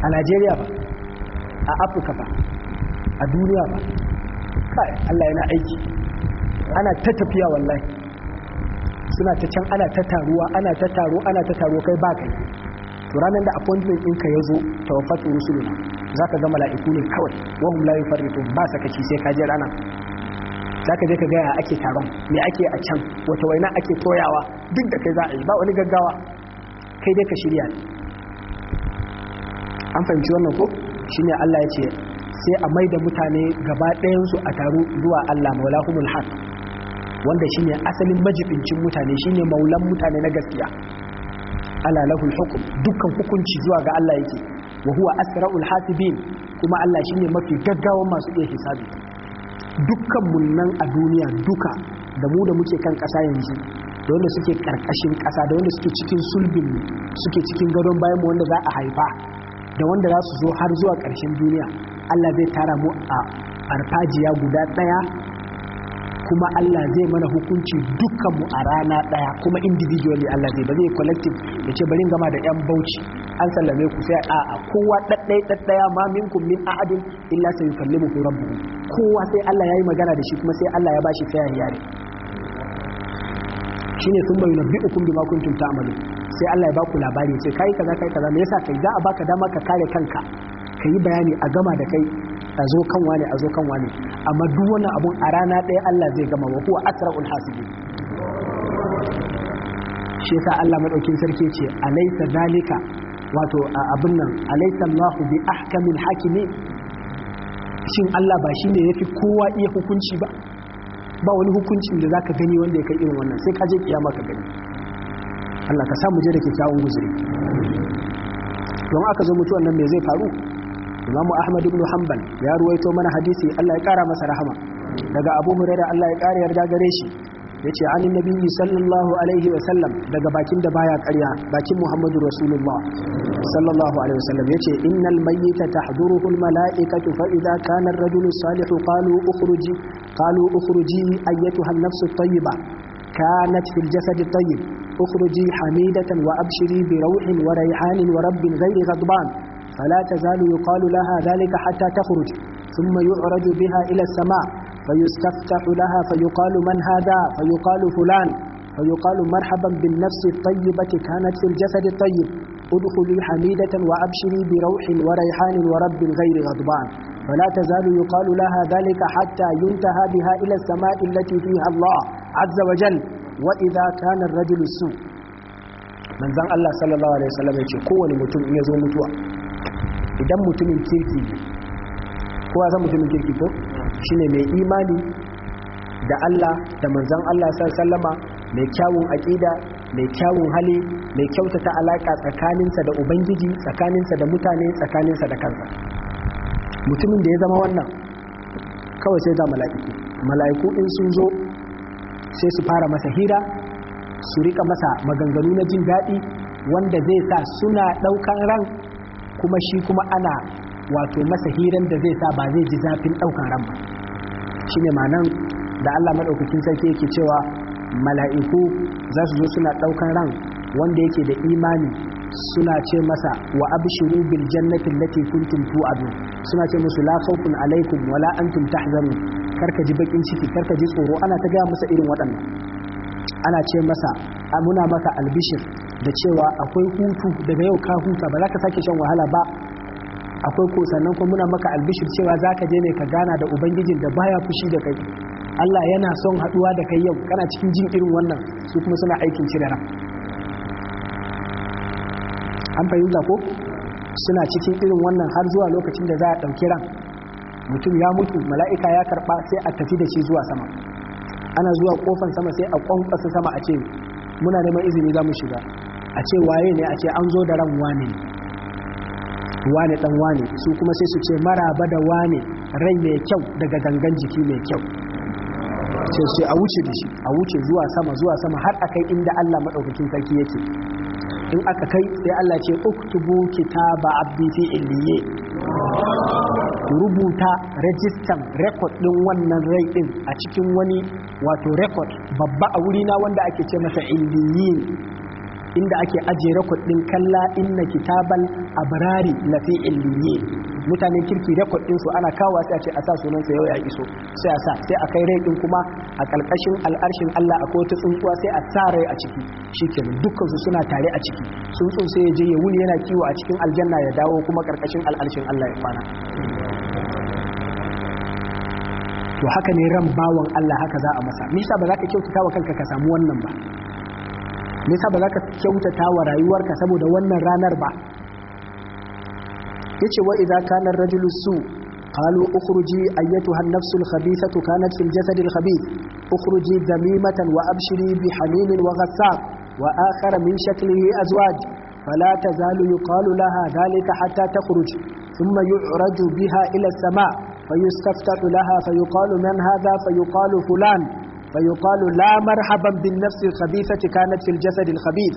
a Najeriya ba a Afirka ba a duniya ba kai Allah yana aiki ana ta tafiya wallahi suna ta can ana ta taruwa ana ta taro ana ta taro kai baka kai to ranan da appointment ɗinka ya zo tawaffatu rusuluna za ka ga mala'iku ne kawai wahum la yufarritu ba sakaci sai ka je rana za ka je ka gaya ake taron me ake a can wata waina ake toyawa duk da kai za a yi ba wani gaggawa kai dai ka shirya an fahimci wannan ko shine Allah ya ce sai a da mutane gaba ɗayansu a taru zuwa Allah maulahumul haq wanda shine asalin majibincin mutane shine maulan mutane na gaskiya ala lahul hukm dukkan hukunci zuwa ga Allah yake wa huwa asra'ul hasibin kuma Allah shine mafi gaggawan masu iya hisabi dukkan mun nan a duniya duka da mu da muke kan ƙasa yanzu da wanda suke karkashin ƙasa da wanda suke cikin sulbin suke cikin gadon bayan mu wanda za a haifa da wanda za su zo har zuwa ƙarshen duniya Allah zai tara mu a farfajiya guda ɗaya kuma Allah zai mana hukunci dukkanmu a rana ɗaya kuma individually Allah zai ba zai collective da ce bari gama da yan bauchi an sallame ku sai a a kowa ɗaɗɗai ɗaɗɗaya ma minkum min ahadin illa sai kalli ku buhu. kowa sai Allah ya yi magana da shi kuma sai Allah ya shi fair yare shine sun bayyana bi'ukum bima kuntum ta'malun sai Allah ya baku labari ce kai kaza kai kaza me yasa kai za a baka dama ka kare kanka ka bayani a gama da kai a zo kan wani a zo kan wani amma duk wani abun a rana ɗaya Allah zai gama wa huwa asra'ul hasibi shi yasa Allah madaukin sarki ce alaysa zalika wato abin nan alaysa Allahu bi ahkamil hakimi shin Allah ba shi ne yafi kowa iya hukunci ba ba wani hukuncin da zaka gani wanda ya kai irin wannan sai ka je kiyama ka gani Allah ka samu je da kyakkyawan guzuri don aka zo mutuwan nan me zai faru Imam Ahmad ibn Hanbal ya ruwaito mana hadisi Allah ya kara masa rahama daga Abu Hurairah Allah ya kara yarda gare shi yace an nabiyyi sallallahu alaihi wa sallam daga bakin da baya ƙarya bakin Muhammadu Rasulullah sallallahu alaihi wa sallam yace innal mayyita tahduruhu al mala'ikatu fa idza kana ar-rajulu salihu qalu ukhruji qalu ukhruji ayyatuha an-nafsu at-tayyiba kanat fil jasadi at-tayyib اخرجي حميدة وأبشري بروح وريحان ورب غير غضبان فلا تزال يقال لها ذلك حتى تخرج ثم يعرج بها إلى السماء فيستفتح لها فيقال من هذا فيقال فلان فيقال مرحبا بالنفس الطيبة كانت في الجسد الطيب ادخلي حميدة وأبشري بروح وريحان ورب غير غضبان فلا تزال يقال لها ذلك حتى ينتهى بها إلى السماء التي فيها الله عز وجل wa idza kana ar-rajulu su manzan Allah sallallahu alaihi wasallam ya ce kowane mutum in ya zo mutuwa idan mutumin kirki ne kowa san mutumin kirki ko shine mai imani da Allah da manzan Allah sallallahu mai kyawun aqida mai kyawun hali mai kyautata alaka tsakaninsa da ubangiji tsakaninsa da mutane tsakaninsa da kansa mutumin da ya zama wannan kawai sai da mala'iku mala'iku in sun zo sai su fara masa hira su rika masa maganganu na jin daɗi wanda zai sa suna ɗaukan ran kuma shi kuma ana wato masa hiran da zai sa ba zai ji zafin ɗaukan ran ba shi ne manan da Allah maɗaukakin sarki yake cewa mala'iku za su zo suna ɗaukan ran wanda yake da imani suna ce masa wa abshiru bil jannati allati kuntum tu'adun suna ce musu la khawfun alaikum wala antum tahzanun karka ji bakin ciki karka ji tsoro ana ta gaya masa irin waɗannan ana ce masa muna maka albishir da cewa akwai hutu daga yau ka huta ba za ka sake shan wahala ba akwai ko sannan kuma muna maka albishir cewa za ka je ne ka gana da ubangijin da baya fushi da kai Allah yana son haɗuwa da kai yau kana cikin jin irin wannan su kuma suna aikin cire ran an fahimta ko suna cikin irin wannan har zuwa lokacin da za a ɗauki ran mutum ya mutu mala'ika ya karɓa sai a tafi da shi zuwa sama ana zuwa kofan sama sai a kwankwasa sama a ce muna neman izini za mu shiga a ce waye ne a ce an zo da ran wane wane dan wane su kuma sai su ce ba da wane rai mai kyau daga gangan jiki mai kyau ce sai a wuce da shi a wuce zuwa sama zuwa sama har a kai inda Allah madaukakin sarki yake in aka kai sai Allah ce uktubu kitaba abdi fi illiye rubuta rajistan rekod ɗin wannan rai din a cikin wani wato rekod babba a wuri na wanda ake ce masa indiyin inda ake ajiye rekod din kalla inna kitabal abrari fi illiyin mutanen kirki rekod din su ana kawo sai a ce a sa sunan sa yau ya iso sai a sa sai a kai rai kuma a karkashin al'arshin Allah akwai kowace tsuntsuwa sai a sa rai a ciki shikenan dukkan su suna tare a ciki tsuntsu sai ya je ya wuli yana kiwo a cikin aljanna ya dawo kuma karkashin al'arshin Allah ya kwana to haka ne ran bawan Allah haka za a masa me ba za ka kyautata wa kanka ka samu wannan ba me ba za ka kyautata wa rayuwarka saboda wannan ranar ba yace wa idza kana ar-rajulu su قالوا اخرجي ايتها النفس الخبيثة كانت في الجسد الخبيث اخرجي ذميمة وابشري بحميم وغساق واخر من شكله ازواج فلا تزال يقال لها ذلك حتى تخرج ثم يعرج بها الى السماء فيستفتح لها فيقال من هذا فيقال فلان فيقال لا مرحبا بالنفس الخبيثة كانت في الجسد الخبيث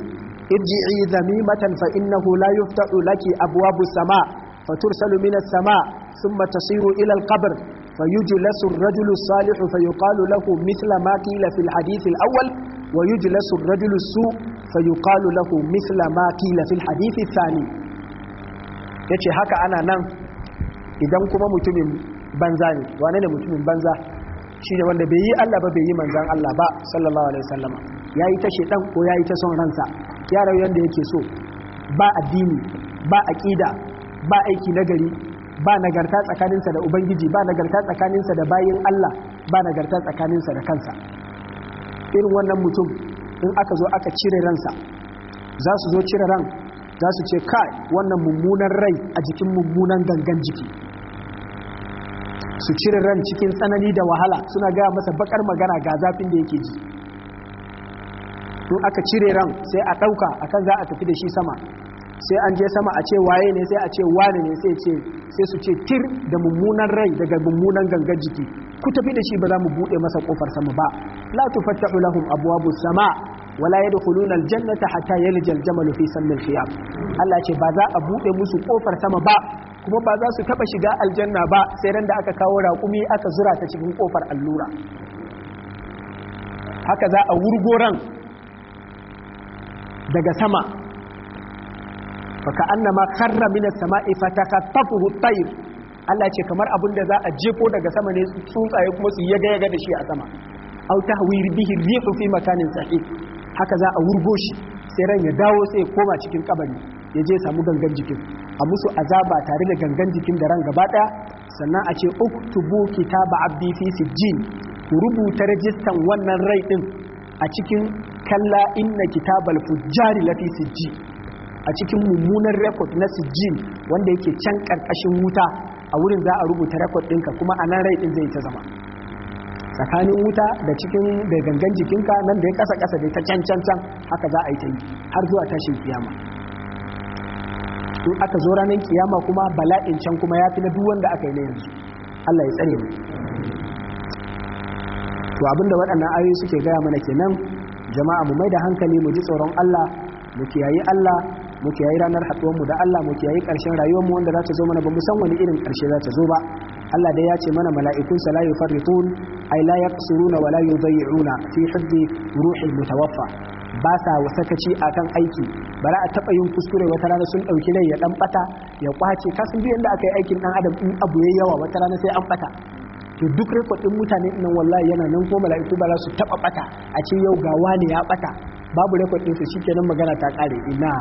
ارجعي ذميمة فإنه لا يفتح لك أبواب السماء فترسل من السماء ثم تصير إلى القبر فيجلس الرجل الصالح فيقال له مثل ما قيل في الحديث الأول ويجلس الرجل السوء فيقال له مثل ما قيل في الحديث الثاني yace haka ana nan idan kuma mutumin banza ne wane ne mutumin banza shi ne wanda bai yi Allah ba bai yi manzan Allah ba sallallahu alaihi wasallama ya yi ta shaidan ko ya yi ta son ransa ya rayu yanda yake so ba addini ba aƙida ba aiki nagari ba nagarta tsakaninsa da ubangiji ba nagarta tsakaninsa da bayan Allah ba nagarta tsakaninsa da kansa irin wannan mutum in aka zo aka cire ransa za su zo cire ran za su ce kai wannan mummunan rai a jikin mummunan gangan jiki su cire ran cikin tsanani da wahala suna gaya masa bakar magana ga zafin da yake ji to aka cire ran sai a ɗauka akan za a tafi da shi sama sai an je sama a ce waye ne sai a ce wane ne sai ce sai su ce tir da mummunan rai daga mummunan gangan jiki ku tafi da shi ba za mu buɗe masa kofar sama ba la tufattahu lahum abwabu sama wala yadkhuluna aljannata hatta yalja aljamal fi sammil khiyam Allah ce ba za a buɗe musu kofar sama ba kuma ba za su taba shiga aljanna ba sai ran da aka kawo raƙumi aka zura ta cikin kofar allura haka za a wurgoran daga sama faka annama karra min as-sama'i fatakattafuhu at-tayr Allah ce kamar da za a jefo daga sama ne tsuntsaye kuma su yaga yaga da shi a sama aw tahwir bihi rihu fi makanin sahih haka za a wurgo shi sai ran ya dawo sai ya koma cikin kabari ya je samu gangan jikin a musu azaba tare da gangan jikin da ran gaba daya sannan a ce uktubu kitaba abdi fi sijjin ku rubuta rajistan wannan rai din a cikin kalla inna kitabal fujjari lafi sijji a cikin mummunan rekod na sijjin wanda yake can karkashin wuta a wurin za a rubuta rekod ɗinka kuma a nan rai ɗin zai ta zama tsakanin wuta da cikin da gangan jikinka nan da ya kasa kasa da ta can can can haka za a yi ta yi har zuwa tashin kiyama in aka zo ranar kiyama kuma bala'in can kuma ya fi na duk wanda aka yi na yanzu Allah ya tsare mu to abinda waɗannan ayoyi suke gaya mana kenan jama'a mu mai da hankali mu ji tsoron Allah mu kiyaye Allah mu kiyaye ranar haɗuwar mu da Allah mu kiyaye ƙarshen rayuwar mu wanda za ta zo mana ba mu san wani irin ƙarshe za ta zo ba Allah dai ya ce mana mala'ikun sa la yufarritun ay la yaqsuruna wa la yudayyi'una fi hubbi ruhil mutawaffa ba sa a kan aiki bara a taɓa yin kuskure wata rana sun ɗauki rai ya ɗan ɓata, ya ƙwace. kasan biyan da aka yi aikin ɗan adam in abu ya yawa wata rana sai an ɓata. to duk rikodin mutane nan wallahi yana nan ko mala'iku ba za su taɓa ɓata. a ce yau ga wani ya ɓata? babu su shi su shikenan magana ta ƙare. ina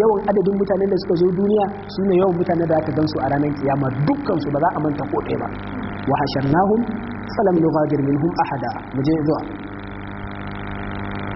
yawan adadin mutanen da suka zo duniya su ne yawan mutane da aka gansu a ranar kiyama dukkan su ba za a manta ko ɗaya ba wa hasharnahum salam nughadir minhum ahada muje zuwa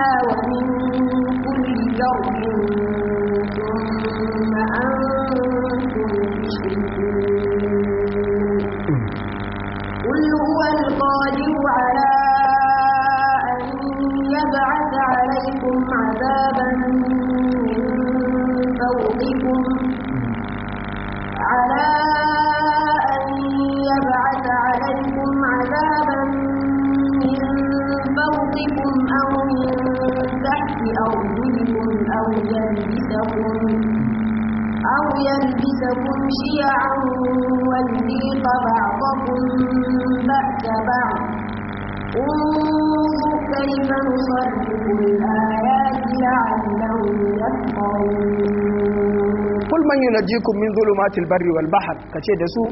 ومن كل درب ثم أنتم تشركون قل هو القادر على أن يبعث عليكم عذابا من فوقكم على شيعا ونذيق بعضكم بأس بعض انظر كيف نصرف الآيات لعلهم يفقهون قل من ينجيكم من ظلمات البر والبحر كتشي دسو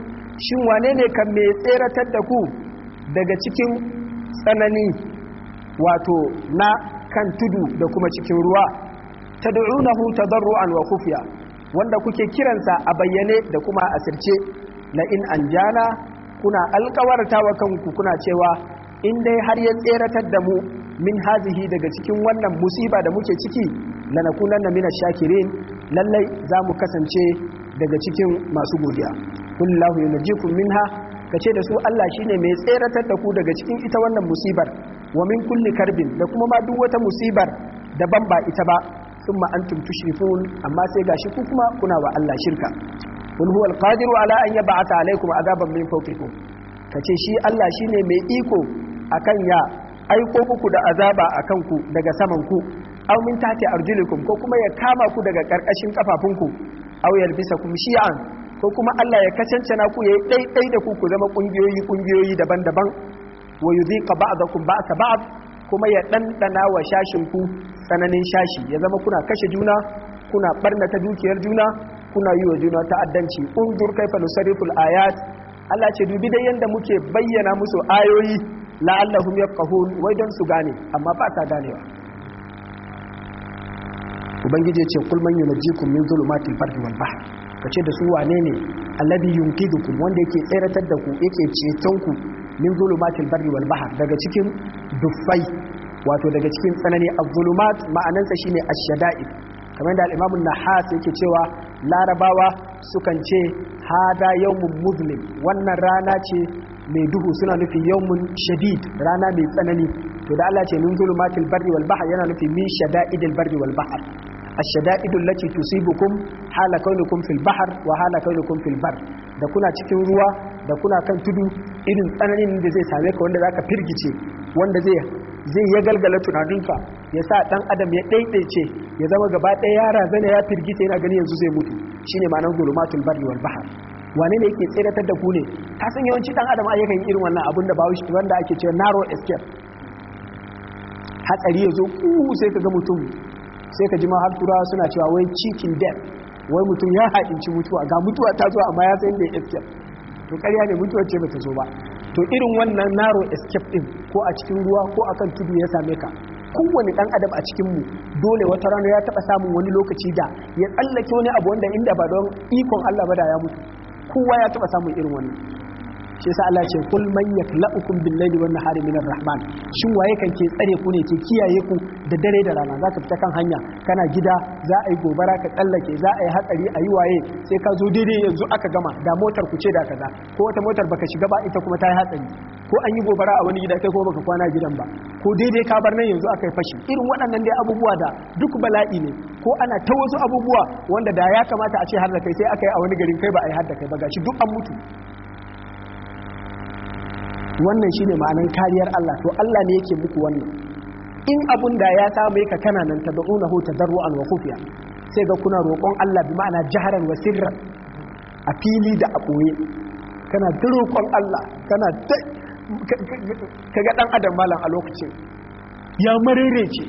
shin wanene ne kan mai tseratar da ku daga cikin tsanani wato na kan tudu da kuma cikin ruwa tad'unahu tadarruan wa kufiya wanda kuke kiransa a bayyane da kuma a asirce na in anjana kuna alkawarta wa kanku kuna cewa in dai har ya tseratar da mu min hazihi daga cikin wannan musiba da muke ciki na mina shakirin lallai za mu kasance daga cikin masu godiya kullahu ha. minha ce da su Allah shine mai tseratar da ku daga cikin ita wannan musibar wa min kulli karbin da kuma ma duk wata musibar daban ba ita ba thumma antum tushrikun amma sai ga ku kuma kuna wa Allah shirka kul huwal qadiru ala an yab'atha alaykum azaban min fawqikum kace shi Allah shine mai iko akan ya aiko muku da azaba akan ku daga saman ku aw min tahti arjulikum ko kuma ya kama ku daga karkashin kafafunku aw yalbisakum shi'an ko kuma Allah ya kacancana ku yayi daidai da ku ku zama kungiyoyi kungiyoyi daban-daban wa yudhiqa ba'dakum ba'sa ba'd kuma ya ɗanɗana wa ku tsananin shashi ya zama kuna kashe juna kuna ɓarna ta dukiyar juna kuna yi wa juna ta'addanci undur kaifa nusariful ayat Allah ce dubi dai yadda muke bayyana musu ayoyi la'allahum yafqahun wai don su gane amma ba ta ganewa ubangiji ce kul man yunjikum min zulumatil barri wal bahr kace da su wane ne alladhi yunqidukum wanda yake tseratar da ku yake ceton ku min zulumatil barri wal bahr daga cikin duffai wato daga cikin tsanani az-zulumat shine ash-shada'id kamar da al-imam an-nahas yake cewa larabawa sukan ce hada yawmun muzlim wannan rana ce mai duhu suna nufin yawmun shadid rana mai tsanani to da Allah ce min zulumatil barri wal bahr yana nufin min shada'idil barri wal bahr الشدائد التي تصيبكم حال كونكم في البحر وحال كونكم في البر da kuna cikin ruwa da kuna kan tudu irin tsananin da zai same ka wanda zaka firgice wanda zai zai ya galgala tunaninka ya sa dan adam ya ɗaiɗaice ya zama gaba ɗaya ya razana ya firgice yana gani yanzu zai mutu shine ma'anar zulumatul barri wal bahr wane ne yake tseratar da ku ne ka san yawanci dan adam ayyukan irin wannan abun da bawo shi wanda ake cewa narrow escape hatsari ya zo ku sai ka ga mutum sai ka ji ma har turawa suna cewa wai chicken death wai mutum ya haɗinci mutuwa ga mutuwa ta zo amma ya san da escape to ƙarya ne mutuwar ce bata zo ba to irin wannan naro escape din ko a cikin ruwa ko a kan tudu ya same ka kowane ɗan adam a cikinmu dole wata rana ya taɓa samun wani lokaci da ya tsallake wani abu wanda inda ba don ikon Allah ba da ya mutu kowa ya taɓa samun irin wannan shi yasa Allah ce kul man yaklaukum bil laili wan nahari minar rahman shin waye kan ke tsare ku ne ke kiyaye ku da dare da rana zaka fita kan hanya kana gida za a yi gobara ka tsallake za a yi hatsari a yi waye sai ka zo daidai yanzu aka gama da motar ku ce da kaza ko wata motar baka shiga ba ita kuma ta yi hatsari ko an yi gobara a wani gida kai kuma baka kwana gidan ba ko daidai ka bar nan yanzu aka yi fashi irin waɗannan dai abubuwa da duk bala'i ne ko ana ta wasu abubuwa wanda da ya kamata a ce har da kai sai aka yi a wani garin kai ba a yi har da kai ba gashi duk an mutu wannan shine ma'anan kariyar Allah to Allah ne yake muku wannan in abun da ya samu ka kana nan tad'unahu tadarruan wa khufiya sai ga kuna roƙon Allah bi ma'ana jaharan wa sirran a fili da a ɓoye kana da roƙon Allah kana ta kaga dan adam malam a lokacin ya marirece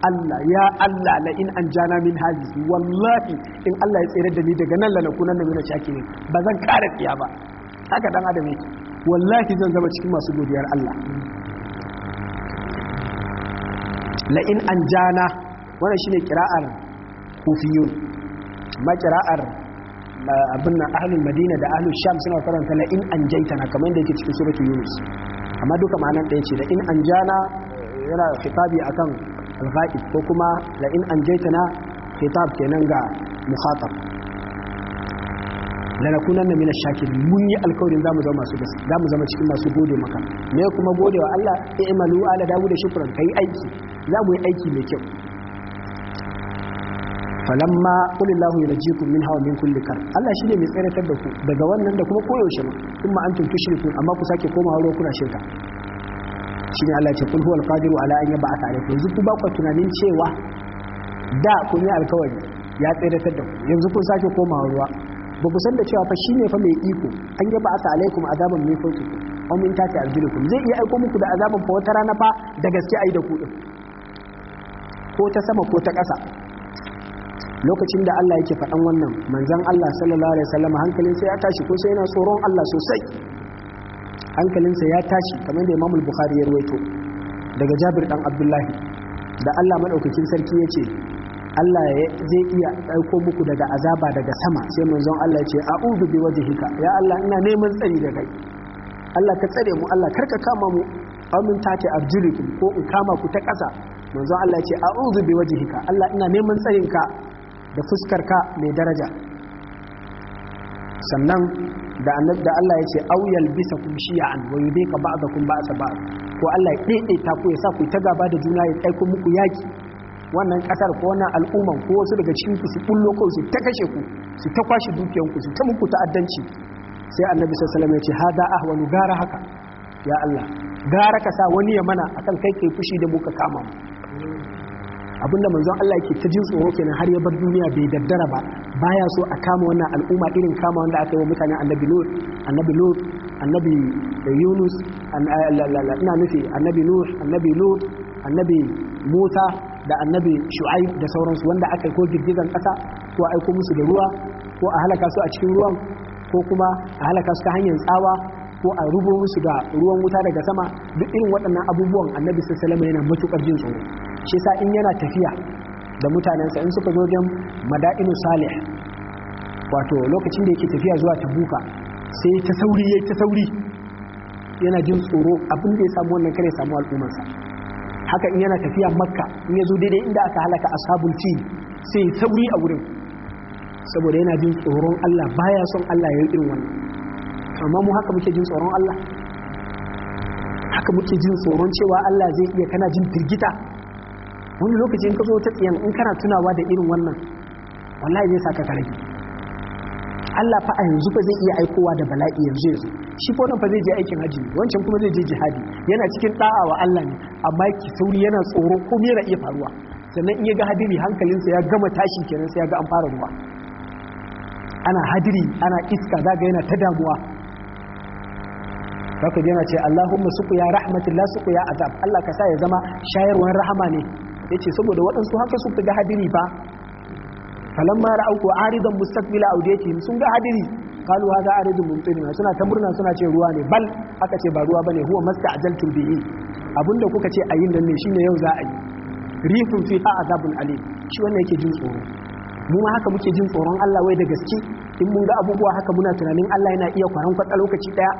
Allah ya Allah la in an jana min hadisi wallahi in Allah ya tsere da ni daga nan la kunan na mina shakirin ba zan ƙara tsiya ba haka dan adam yake wallahi zan zama cikin masu godiyar Allah la'in an jana wannan shine kira'ar kufiyun ma kira'ar abin ahlul madina da ahlul sham suna karanta la'in an jaitana kamar yadda yake cikin suratul yunus amma duka ma'anar ɗaya ce la'in an jana yana fitabi akan al ko kuma la'in an jaitana fitab kenan ga muhatab na mina shakirin mun yi alkawarin zamu zama masu gaske zamu zama cikin masu gode maka ne kuma gode wa Allah i'malu ala dawuda shukran kai aiki za mu yi aiki mai kyau falamma qulillahu yunjikum min hawa min kulli kar Allah shine mai tsaratar da ku daga wannan da kuma koyaushe ma kuma antum tushrikun amma ku sake koma hauro kuna shirka shine Allah ya ce kul huwal qadiru ala an yab'atha alaykum yanzu ku ba ku tunanin cewa da kun yi alkawari ya tsaratar da ku yanzu kun sake koma ruwa ba ku san da cewa fa shine fa mai iko an yaba asa alaikum azaban min fawqikum aw min tati arjulukum zai iya aiko muku da azaban fa wata rana fa da gaske ai da ku din ko ta sama ko ta ƙasa lokacin da Allah yake faɗan wannan manzon Allah sallallahu alaihi wasallam hankalin sai ya tashi ko sai yana tsoron Allah sosai hankalinsa ya tashi kamar da Imam Bukhari ya rawaito daga Jabir dan Abdullahi da Allah madaukakin sarki yace Allah zai iya ɗauko muku daga azaba daga sama sai manzon Allah ce a'udhu bi wajhika ya Allah ina neman tsari da kai Allah ka tsare mu Allah karka kama mu amin ta ce ko in kama ku ta ƙasa manzon Allah ce a'udhu bi wajhika Allah ina neman tsarin ka da fuskar ka mai daraja sannan da da Allah ya ce aw yalbisakum shi'an wa yudika ba'dakum ba'sa ba'd ko Allah ya daidaita ku ya sa ku ta gaba da juna ya aiko muku yaki wannan kasar ko wannan al'umman ko wasu daga cikin su kullo ko su ta kashe ku su ta kwashe dukiyan ku su ta muku ta'addanci sai annabi sallallahu alaihi wasallam ya ce hada ahwanu gara haka ya Allah gara ka sa wani ya mana akan kai kai fushi da muka kama mu abinda manzon Allah yake ta jin tsoro kenan har ya bar duniya bai daddara ba baya so a kama wannan al'umma irin kama wanda aka yi wa mutanen annabi lut annabi lut annabi yunus ina nufi annabi nuh annabi lut annabi musa da annabi shu'aib da sauransu wanda aka yi ko girgizan kasa ko aiko musu da ruwa ko a halaka su a cikin ruwan ko kuma a halaka su ta hanyar tsawa ko a rubo musu da ruwan wuta daga sama duk irin waɗannan abubuwan annabi sallallahu yana matukar jin tsoro shi yasa in yana tafiya da mutanensa in suka zo wajen madainu salih wato lokacin da yake tafiya zuwa tabuka sai ta sauri yayi ta sauri yana jin tsoro abin da ya samu wannan kare samu al'ummarsa haka in yana tafiya makka in ya zo daidai inda aka halaka ashabul fil sai sauri a wurin saboda yana jin tsoron Allah baya son Allah ya yi irin wannan amma mu haka muke jin tsoron Allah haka muke jin tsoron cewa Allah zai iya kana jin firgita wani lokaci in ka zo ta tsiyan in kana tunawa da irin wannan wallahi zai saka ka rage Allah fa a yanzu fa zai iya aikowa da bala'i yanzu yanzu shi ko fa zai je aikin haji wancan kuma zai je jihadi yana cikin da'a wa Allah ne amma ki sauri yana tsoro ko me iya faruwa sannan in ya ga hadiri hankalinsa ya gama tashi kenan sai ya ga an fara ruwa ana hadiri ana iska zaga yana ta damuwa zaka yana ce Allahumma suku ya rahmatin la suku ya azab Allah ka sa ya zama shayarwar rahama ne yace saboda waɗansu haka su fi ga hadiri ba falamma ra'awhu aridan mustaqbila awdiyatihim sun ga hadiri kalu hada aridun mumtini suna ta murna suna ce ruwa ne bal aka ce ba ruwa bane huwa masta'jaltu bihi abinda kuka ce a yin nan ne shine yau za a yi rifin fiha azabun ali shi wannan yake jin tsoro mu ma haka muke jin tsoron Allah wai da gaske in mun ga abubuwa haka muna tunanin Allah yana iya kwaran kwatsa lokaci daya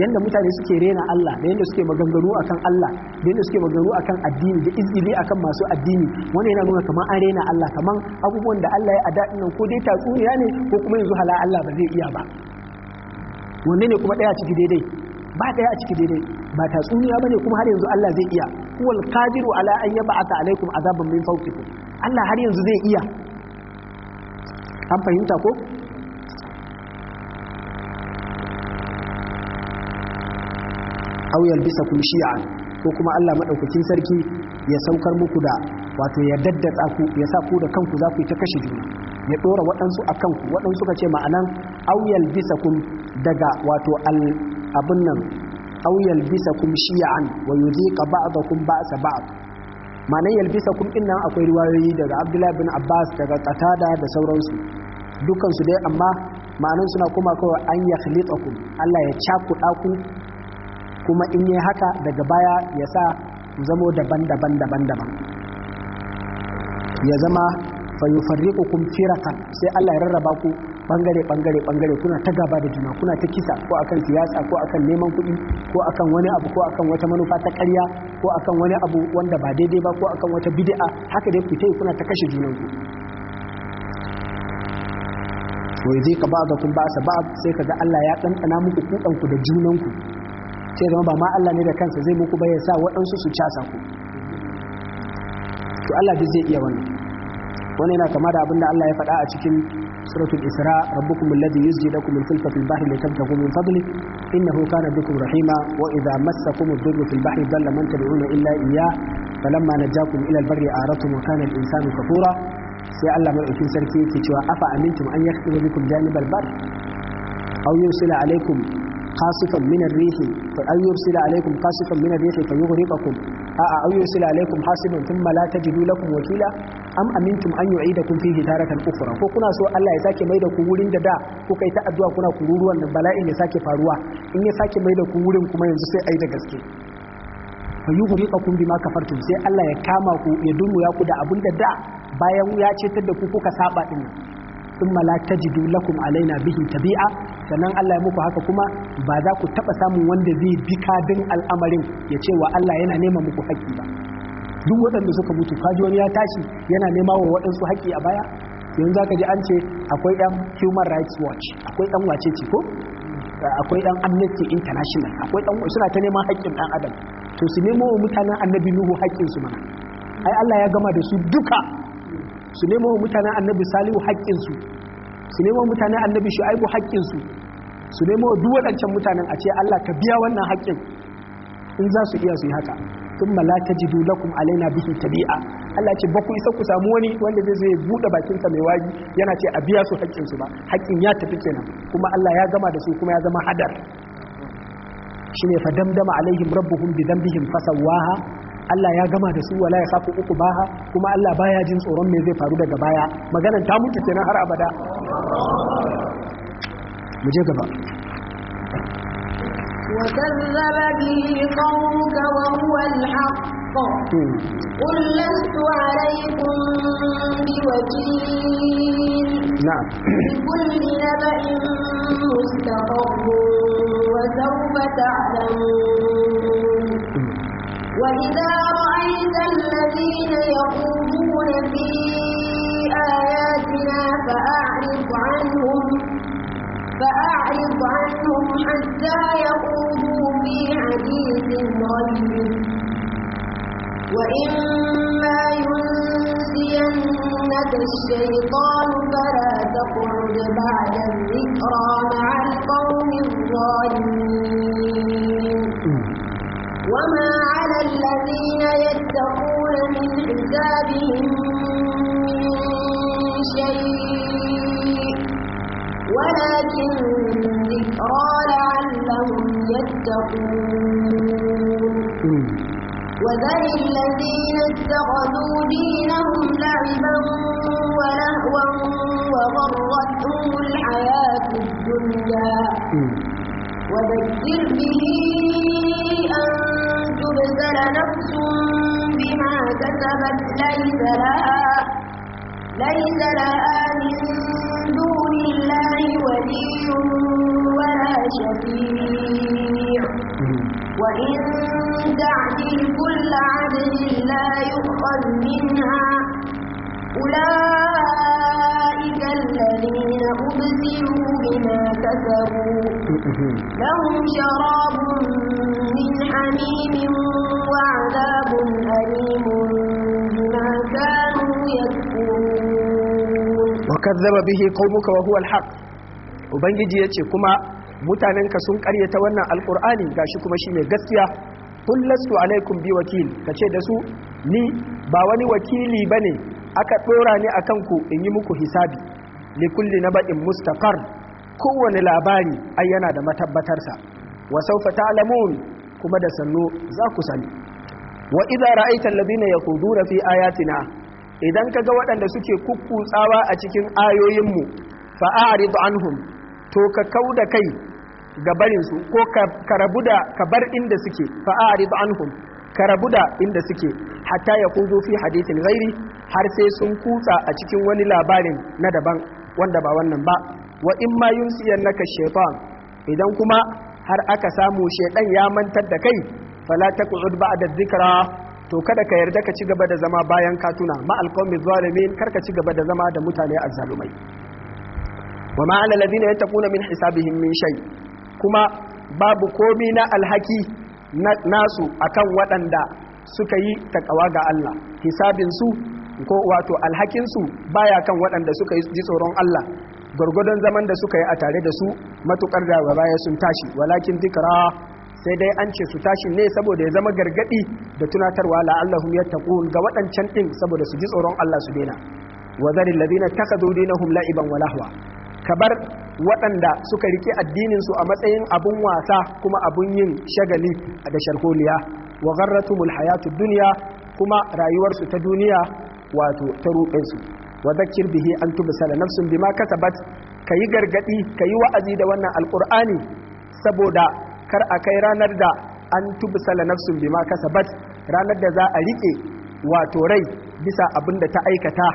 yanda mutane suke rena Allah da yanda suke maganganu akan Allah da yanda suke maganganu akan addini da a akan masu addini wani yana nuna kamar an rena Allah kamar abubuwan da Allah ya ada nan ko dai tatsuniya ne ko kuma yanzu hala Allah ba zai iya ba wanne ne kuma daya ciki daidai ba daya a ciki daidai ba tatsuniya bane kuma har yanzu Allah zai iya huwal qadiru ala an yab'atha alaikum azaban min fawqikum Allah har yanzu zai iya an fahimta ko aw yalbisakum shi'an ko kuma Allah madaukakin sarki ya saukar muku da wato ya daddatsa ku ya sa ku da kanku za ku ta kashe juna ya dora waɗansu a kanku waɗansu ka ce ma'anan aw kum daga wato al abun nan aw kum shi'an wa yudhiqa ba'dakum ba'sa ba'd ma'anan kum din nan akwai riwayoyi daga Abdullah bin Abbas daga Qatada da sauransu dukansu dai amma ma'anan suna kuma kawai an ku Allah ya cakuɗa ku kuma in yi haka daga baya ya sa zamo daban-daban daban-daban ya zama fayufarriku kun firakan sai Allah ya rarraba ku bangare bangare bangare kuna ta gaba da juna kuna ta kisa ko akan siyasa ko akan neman kuɗi ko akan wani abu ko akan wata manufa ta ƙarya ko akan wani abu wanda ba daidai ba ko akan wata bid'a haka dai ku kuna ta kashe junan ku ga kun ba sa ba sai kaga Allah ya dantsana muku kudan da junanku. sai zama ba ma Allah ne da kansa zai muku ba ya sa waɗansu su casa ku to Allah zai iya wani wannan yana kama da abinda da Allah ya faɗa a cikin suratul isra rabbukum alladhi yusji lakum al-fulka fil bahri litabtaghu min fadli innahu kana bikum rahima wa idha massakum ad-durru fil bahri dalla man tad'una illa iyyah falamma najakum ila al-barri aratum wa kana al-insanu kafura sai Allah madaukin sarki yake cewa afa amintum an yakhsiba bikum janibal bar aw yusila alaykum khasifan min ar fa ay yursila alaykum khasifan min ar-rihi fa yughriqakum a a ay yursila alaykum hasiban thumma la wakila am amintum an yu'idakum fihi taratan ukhra ko kuna so Allah ya sake maida ku wurin da da kuka yi ta addu'a kuna kururuwan nan bala'in ya sake faruwa in ya sake maida ku wurin kuma yanzu sai ai da gaske fa yughriqakum bima kafartum sai Allah ya kama ku ya ya ku da abun da bayan wuya ce ta da ku kuka saba din nan thumma la tajidu lakum alaina bihi tabi'a sannan Allah ya muku haka kuma ba za ku taɓa samun wanda zai bi kadin al'amarin ya ce wa Allah yana nema muku haƙƙi ba duk waɗanda suka mutu kaji wani ya tashi yana nema wa waɗansu haƙƙi a baya yanzu za ka ji an ce akwai ɗan human rights watch akwai ɗan wace ce ko akwai ɗan amnesty international akwai ɗan suna ta neman haƙƙin ɗan adam to su nemo wa mutanen annabi nuhu haƙƙinsu mana ai Allah ya gama da su duka su nemo wa mutanen annabi salihu haƙƙinsu su nemo mutanen annabi shu'aibu haƙƙinsu su nemo duk waɗancan mutanen a ce Allah ka biya wannan haƙƙin in za su iya su yi haka tun mala ta ji dulakun alaina ta tabi'a Allah ce baku isa ku samu wani wanda zai zai buɗe bakinsa mai wagi yana ce a biya su haƙƙinsu ba haƙƙin ya tafi kenan kuma Allah ya gama da su kuma ya zama hadar ne fa damdama alaihim rabbuhum bi dambihim fasawaha Allah ya gama da su wala ya saku uku baha kuma Allah baya jin tsoron me zai faru daga baya maganan ta mutu kenan har abada mu je وكذب به قومك وهو الحق قل لست عليكم بوكيل نعم بكل نبأ مستقر وسوف تعلمون وإذا رأيت الذين يخوضون في آياتنا فأعرف عنهم فأعرض عنهم حتى يقوموا في حديث غيره وإما ينسينك الشيطان فلا تقعد بعد الذكرى مع القوم الظالمين وما على الذين يتقون من حسابهم من شيء ذكرى لعلهم يتقون وذل الذين اتخذوا دينهم لعبا ولهوا وغرتهم الحياة الدنيا وذكر به أن تبذل نفس بما كسبت ليس لها ليس لها من ولي ولا شفيع وإن تعدل كل عدل لا يؤخذ منها أولئك الذين أبسلوا بما كسبوا لهم شراب من حميم وعذاب أليم بما كانوا يكفرون وكذب به قومك وهو الحق ubangiji ya ce kuma mutanenka sun ta wannan alkur'ani gashi kuma shi ne gaskiya kun alaikum bi wakil ka ce da su ni ba wani wakili ba ne aka ɗora ni a kanku in yi muku hisabi likulli na baɗin mustaqar kowane labari ai yana da matabbatarsa wa saufa alamun kuma da sannu za ku sani wa idza ra'aita alladhina yaquduna fi ayatina idan ka ga waɗanda suke kukkutsawa a cikin ayoyinmu fa'arid anhum to ka kau da kai ga barinsu ko ka rabu da ka bar inda suke fa a'rid anhum ka rabu da inda suke hatta ya kuzo fi hadithin ghairi har sai sun kutsa a cikin wani labarin na daban wanda ba wannan ba wa in ma yunsiyannaka shaytan idan kuma har aka samu shaydan ya mantar da kai fala taq'ud ba'da dhikra to kada ka yarda ka ci gaba da zama bayan katuna tuna ma alqawmi zalimin kar ka ci gaba da zama da mutane azzalumai wa ma'ana ala ya yattaquna min hisabihim min shay kuma babu komi na alhaki nasu akan waɗanda suka yi takawa ga Allah hisabin su ko wato alhakinsu baya kan waɗanda suka ji tsoron Allah gwargwadon zaman da suka yi a tare da su matukar da baya sun tashi walakin rawa sai dai an ce su tashi ne saboda ya zama gargadi da tunatarwa la'allahum yattaqun ga waɗancan din saboda su ji tsoron Allah su daina wa zaril ladina takhadhu dinahum la'iban iban lahwa ka bar waɗanda suka rike addininsu a matsayin abun wasa kuma abun yin shagali da sharholiya wa gharratumul hayatu duniya kuma rayuwarsu ta duniya wato ta ruɗinsu wa zakir bihi an tubsala nafsun bima kasabat kayi gargadi kayi wa'azi da wannan alqur'ani saboda kar a kai ranar da an tubsala nafsun bima kasabat ranar da za a rike wato rai bisa abin da ta aikata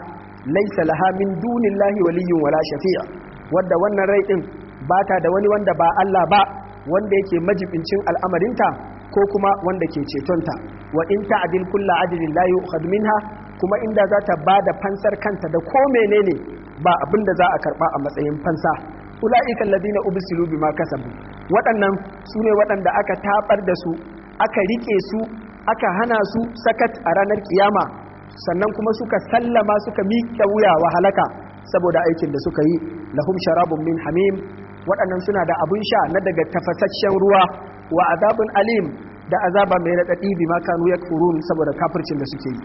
laisa laha min dunillahi waliyyun wala shafi'a wadda wannan rai ɗin ba ta da wani wanda ba Allah ba wanda yake majibincin al'amarinta ko kuma wanda ke cetonta wa in ta'dil kulla adilin la yu'khad minha kuma inda za ta ba da fansar kanta da ko menene ba abin da za a karɓa a matsayin fansa ula'ika alladhina ubsilu bima kasabu waɗannan sune waɗanda aka taɓar da su aka riƙe su aka hana su sakat a ranar kiyama sannan kuma suka sallama suka miƙa wuya wa halaka saboda aikin da suka yi lahum sharabun min hamim waɗannan suna da abun sha na daga tafasasshen ruwa wa azabun alim da azaba mai raɗaɗi bi ma kanu yakfurun saboda kafircin da suke yi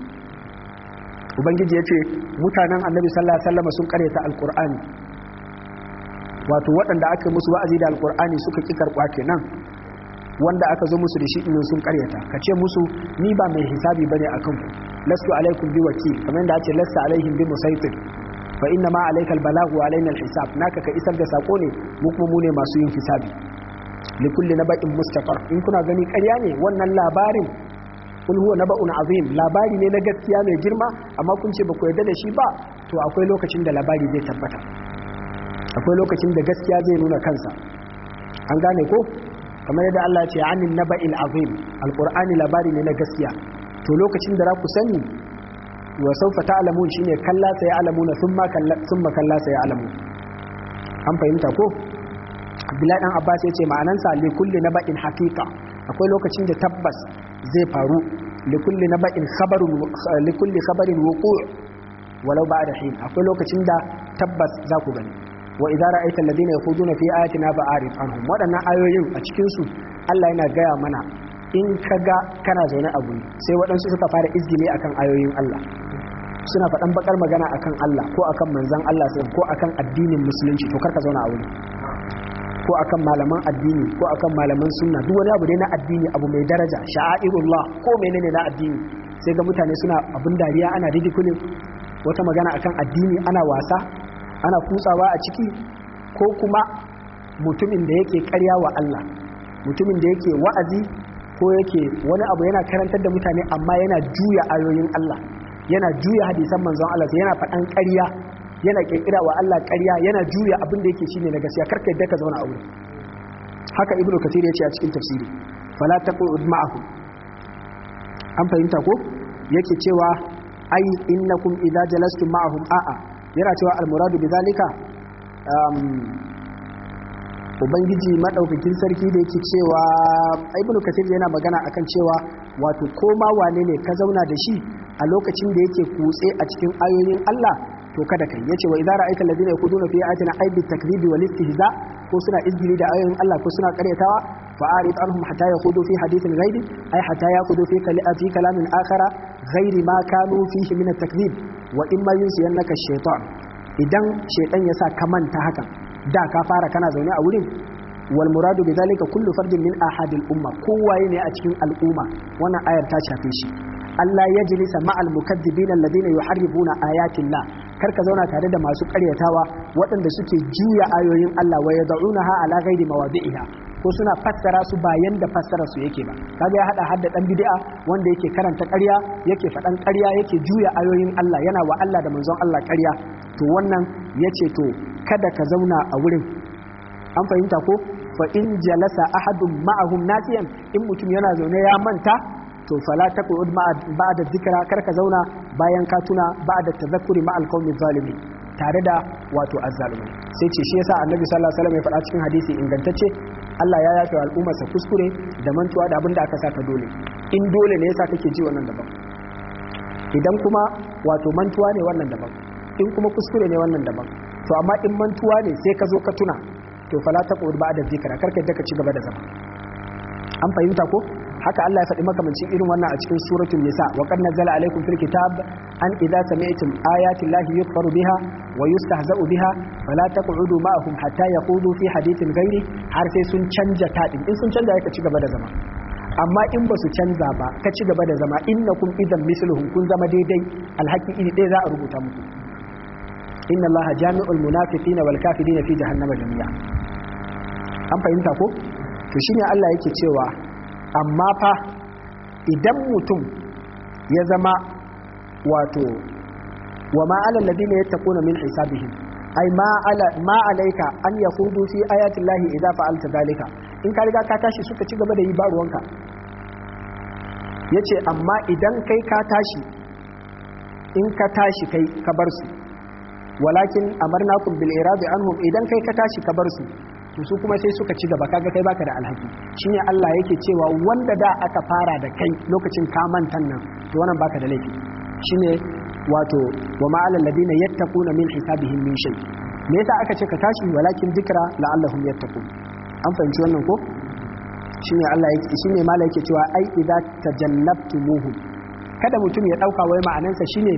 ubangiji ya ce mutanen annabi sallallahu alaihi wasallam sun karyata alqur'ani wato waɗanda aka musu wa'azi da alqur'ani suka ki karɓa kenan wanda aka zo musu da shi ɗin sun karyata ka ce musu ni ba mai hisabi bane akan ku lastu alaikum bi wakil kamar yadda ake lasta alaihim bi musaitir fa inna ma alaikal balagu alainal hisab naka ka isar da sako ne mu kuma mu ne masu yin hisabi kulli naba'in mustaqar in kuna gani ƙarya ne wannan labarin kul huwa naba'un azim labari ne na gaskiya mai girma amma kun ce ba ku yarda da shi ba to akwai lokacin da labari zai tabbata akwai lokacin da gaskiya zai nuna kansa an gane ko kamar yadda Allah ya ce anin naba'il azim alqur'ani labari ne na gaskiya to lokacin da za ku sani wa saufa shi ne kalla sai alamu na kalla thumma kalla sai alamu. an fahimta ko Abdullahi dan Abbas ce ma'anan sa li kulli naba'in haqiqa akwai lokacin da tabbas zai faru li kulli naba'in khabarun li kulli khabarin wuqu' walau ba'da hin akwai lokacin da tabbas za ku gani wa idza ra'aita alladhina yakhuduna fi ayatina fa'arif anhum wadannan ayoyin a cikin su Allah yana gaya mana in ka ga kana zaune a guri sai waɗansu suka fara izgile akan ayoyin Allah suna faɗan bakar magana akan Allah ko akan manzan Allah ko akan addinin musulunci to karka zauna a wuri ko akan malaman addini ko akan malaman sunna duk wani abu ne na addini abu mai daraja sha'airullah ko menene na addini sai ga mutane suna abin dariya ana ridiculous wata magana akan addini ana wasa ana kutsawa a ciki ko kuma mutumin da yake karya wa Allah mutumin da yake wa'azi ko yake wani abu yana karantar da mutane amma yana juya ayoyin Allah yana juya hadisan manzon Allah yana faɗan ƙarya yana kirkira wa Allah ƙarya yana juya abin da yake shine na gaskiya karka yadda ka zauna a wurin haka ibnu kathir ya ce a cikin tafsiri fala taqud ma'ahu an fahimta ko yake cewa ai innakum idza jalastum ma'ahum a'a yana cewa al muradu bidhalika um, ubangiji maɗaukakin sarki da yake cewa ibn kasir yana magana akan cewa wato koma wane ne ka zauna da shi a lokacin da yake kutse a cikin ayoyin Allah to kada kai yace wa idza ra'aita kudu yakuduna fi ayatina ay bi takdhibi wal istihza ko suna izgili da ayoyin Allah ko suna karyatawa fa arid anhum hatta yakudu fi hadithin ghairi ay hatta kudu fi kalati kalamin akara ghairi ma kanu fihi min at-takdhib wa imma yunsiyannaka naka shaytan idan shaytan ya sa ka manta hakan da ka fara kana zaune a wurin wal muradu bi zalika kullu fardin min ahadil umma kowaye ne a cikin al'umma wannan ayar ta shafe shi Allah ya jilisa ma'al mukaddibina alladhina yuharribuna la. kar ka zauna tare da masu karyatawa waɗanda suke juya ayoyin Allah wa yad'unaha ala ghairi mawadi'iha ko suna fassara su ba yanda fassara su yake ba kaga ya hada hadda dan bid'a wanda yake karanta ƙarya yake faɗan ƙarya yake juya ayoyin Allah yana wa Allah da manzon Allah ƙarya to wannan yace to kada ka zauna a wurin an fahimta ko fa in jalasa ahadun ma'ahum nasiyan in mutum yana zaune ya manta to fala taqud ba'da dhikra kar ka zauna bayan ka tuna ba'da tadhakkuri ma'al qaumi zalimin tare da wato azzalumi sai ce shi yasa annabi sallallahu alaihi wasallam ya faɗa cikin hadisi ingantacce Allah ya yafe al'ummarsa kuskure da mantuwa da abin da aka saka dole in dole ne yasa kake ji wannan daban idan kuma wato mantuwa ne wannan daban in kuma kuskure ne wannan daban to amma in mantuwa ne sai ka zo ka tuna to fala ta ba da zikra karka da ka ci gaba da zama an fahimta ko haka Allah ya faɗi makamancin irin wannan a cikin suratul nisa wa qad nazzala alaykum fil kitab an idza sami'tum ayati llahi yukfaru biha wa yustahza'u biha fala taq'udu ma'ahum hatta yaqudu fi hadithin ghairi har sai sun canja tadin in sun canja ka ci gaba da zama amma in ba su canza ba ka ci gaba da zama innakum idan misluhum kun zama daidai alhaki iri ɗaya za a rubuta muku inna allaha jami'ul munafiqina wal kafirina fi jahannama jami'a an fahimta ko to shine Allah yake cewa amma fa idan mutum ya zama wato wa ma'alar ladina ya taƙuna min hisabihim ai ma alaika an ya kudu fi ayatin lahi idza fa'alta zalika in ka riga ka tashi suka ci gaba da yi baruwanka ya ce amma idan kai ka tashi in ka tashi kai ka bar su walakin amarnakum bil iradi anhum idan kai ka tashi ka bar su to su kuma sai suka ci gaba kaga kai baka da alhaki shine Allah yake cewa wanda da aka fara da kai lokacin ka mantan nan to wannan baka da laifi shine wato wa ma alal ladina yattaquna min hisabihim min shay me yasa aka ce ka tashi walakin dhikra la'allahum yattaqun an fahimci wannan ko shine Allah yake shine mala yake cewa ai idza muhu? kada mutum ya dauka wai ma'anansa shine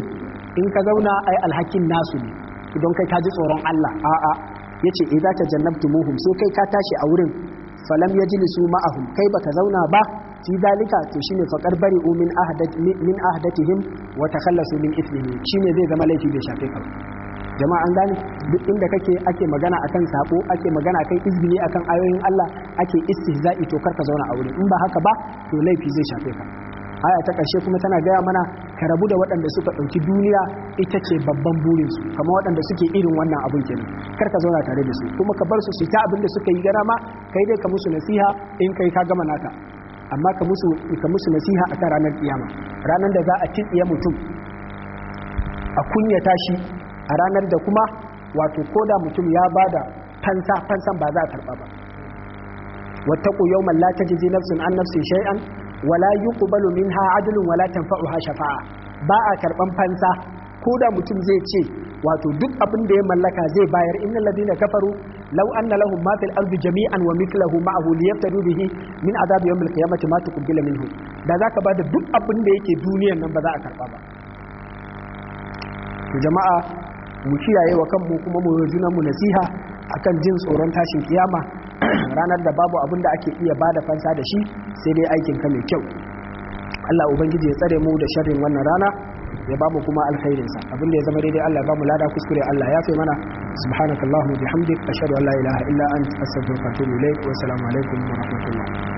in ka zauna ai alhakin nasu ne idan kai ka ji tsoron Allah a'a yace idza eh, tajannabtumuhum so kai ka tashi a wurin falam yajlisu ma'ahum kai baka zauna ba fi dalika to shine faqar bari min ahdat min wata wa takhallasu min ithmihi shine zai zama laifi bai shafe ka jama'a an gane duk inda kake ake magana akan sako ake magana kai izgili akan ayoyin Allah ake istihza'i to karka zauna a wurin in ba haka ba to laifi zai shafe ka aya ta ƙarshe kuma tana gaya mana ka rabu da waɗanda suka ɗauki duniya ita ce babban burinsu kama waɗanda suke irin wannan abin kenan kar ka zauna tare da su kuma ka bar su su ta abin da suka yi gana ma kai dai ka musu nasiha in kai ka gama naka amma ka musu ka musu nasiha akan ranar kiyama ranar da za a titsiye mutum a kunyata shi a ranar da kuma wato koda mutum ya bada fansa fansan ba za a karba ba wattaqu yawman la tajzi nafsun an nafsin shay'an wala yuqbalu minha adlun wala tanfa'uha shafa'a ba a karban fansa ko da mutum zai ce wato duk abin da ya mallaka zai bayar innal ladina kafaru law anna lahum ma fil ardi jami'an wa mithluhu ma'ahu liyaftadu bihi min adhabi yawmil qiyamati ma tuqbila minhu da zaka bada duk abin da yake duniyar nan ba za a karba ba to jama'a mu kiyaye wa kanmu kuma mu juna mu nasiha akan jin tsoron tashin kiyama ranar da babu abin da ake iya bada fansa da shi sai dai aikin ka mai kyau Allah ubangiji ya tsare mu da sharrin wannan rana ya babu kuma sa abin da ya zama daidai Allah ya bamu lada kuskure Allah ya fi mana subhanakallahumma bihamdik ashhadu an la ilaha illa anta astaghfiruka wa atubu ilaik wa assalamu alaikum wa rahmatullahi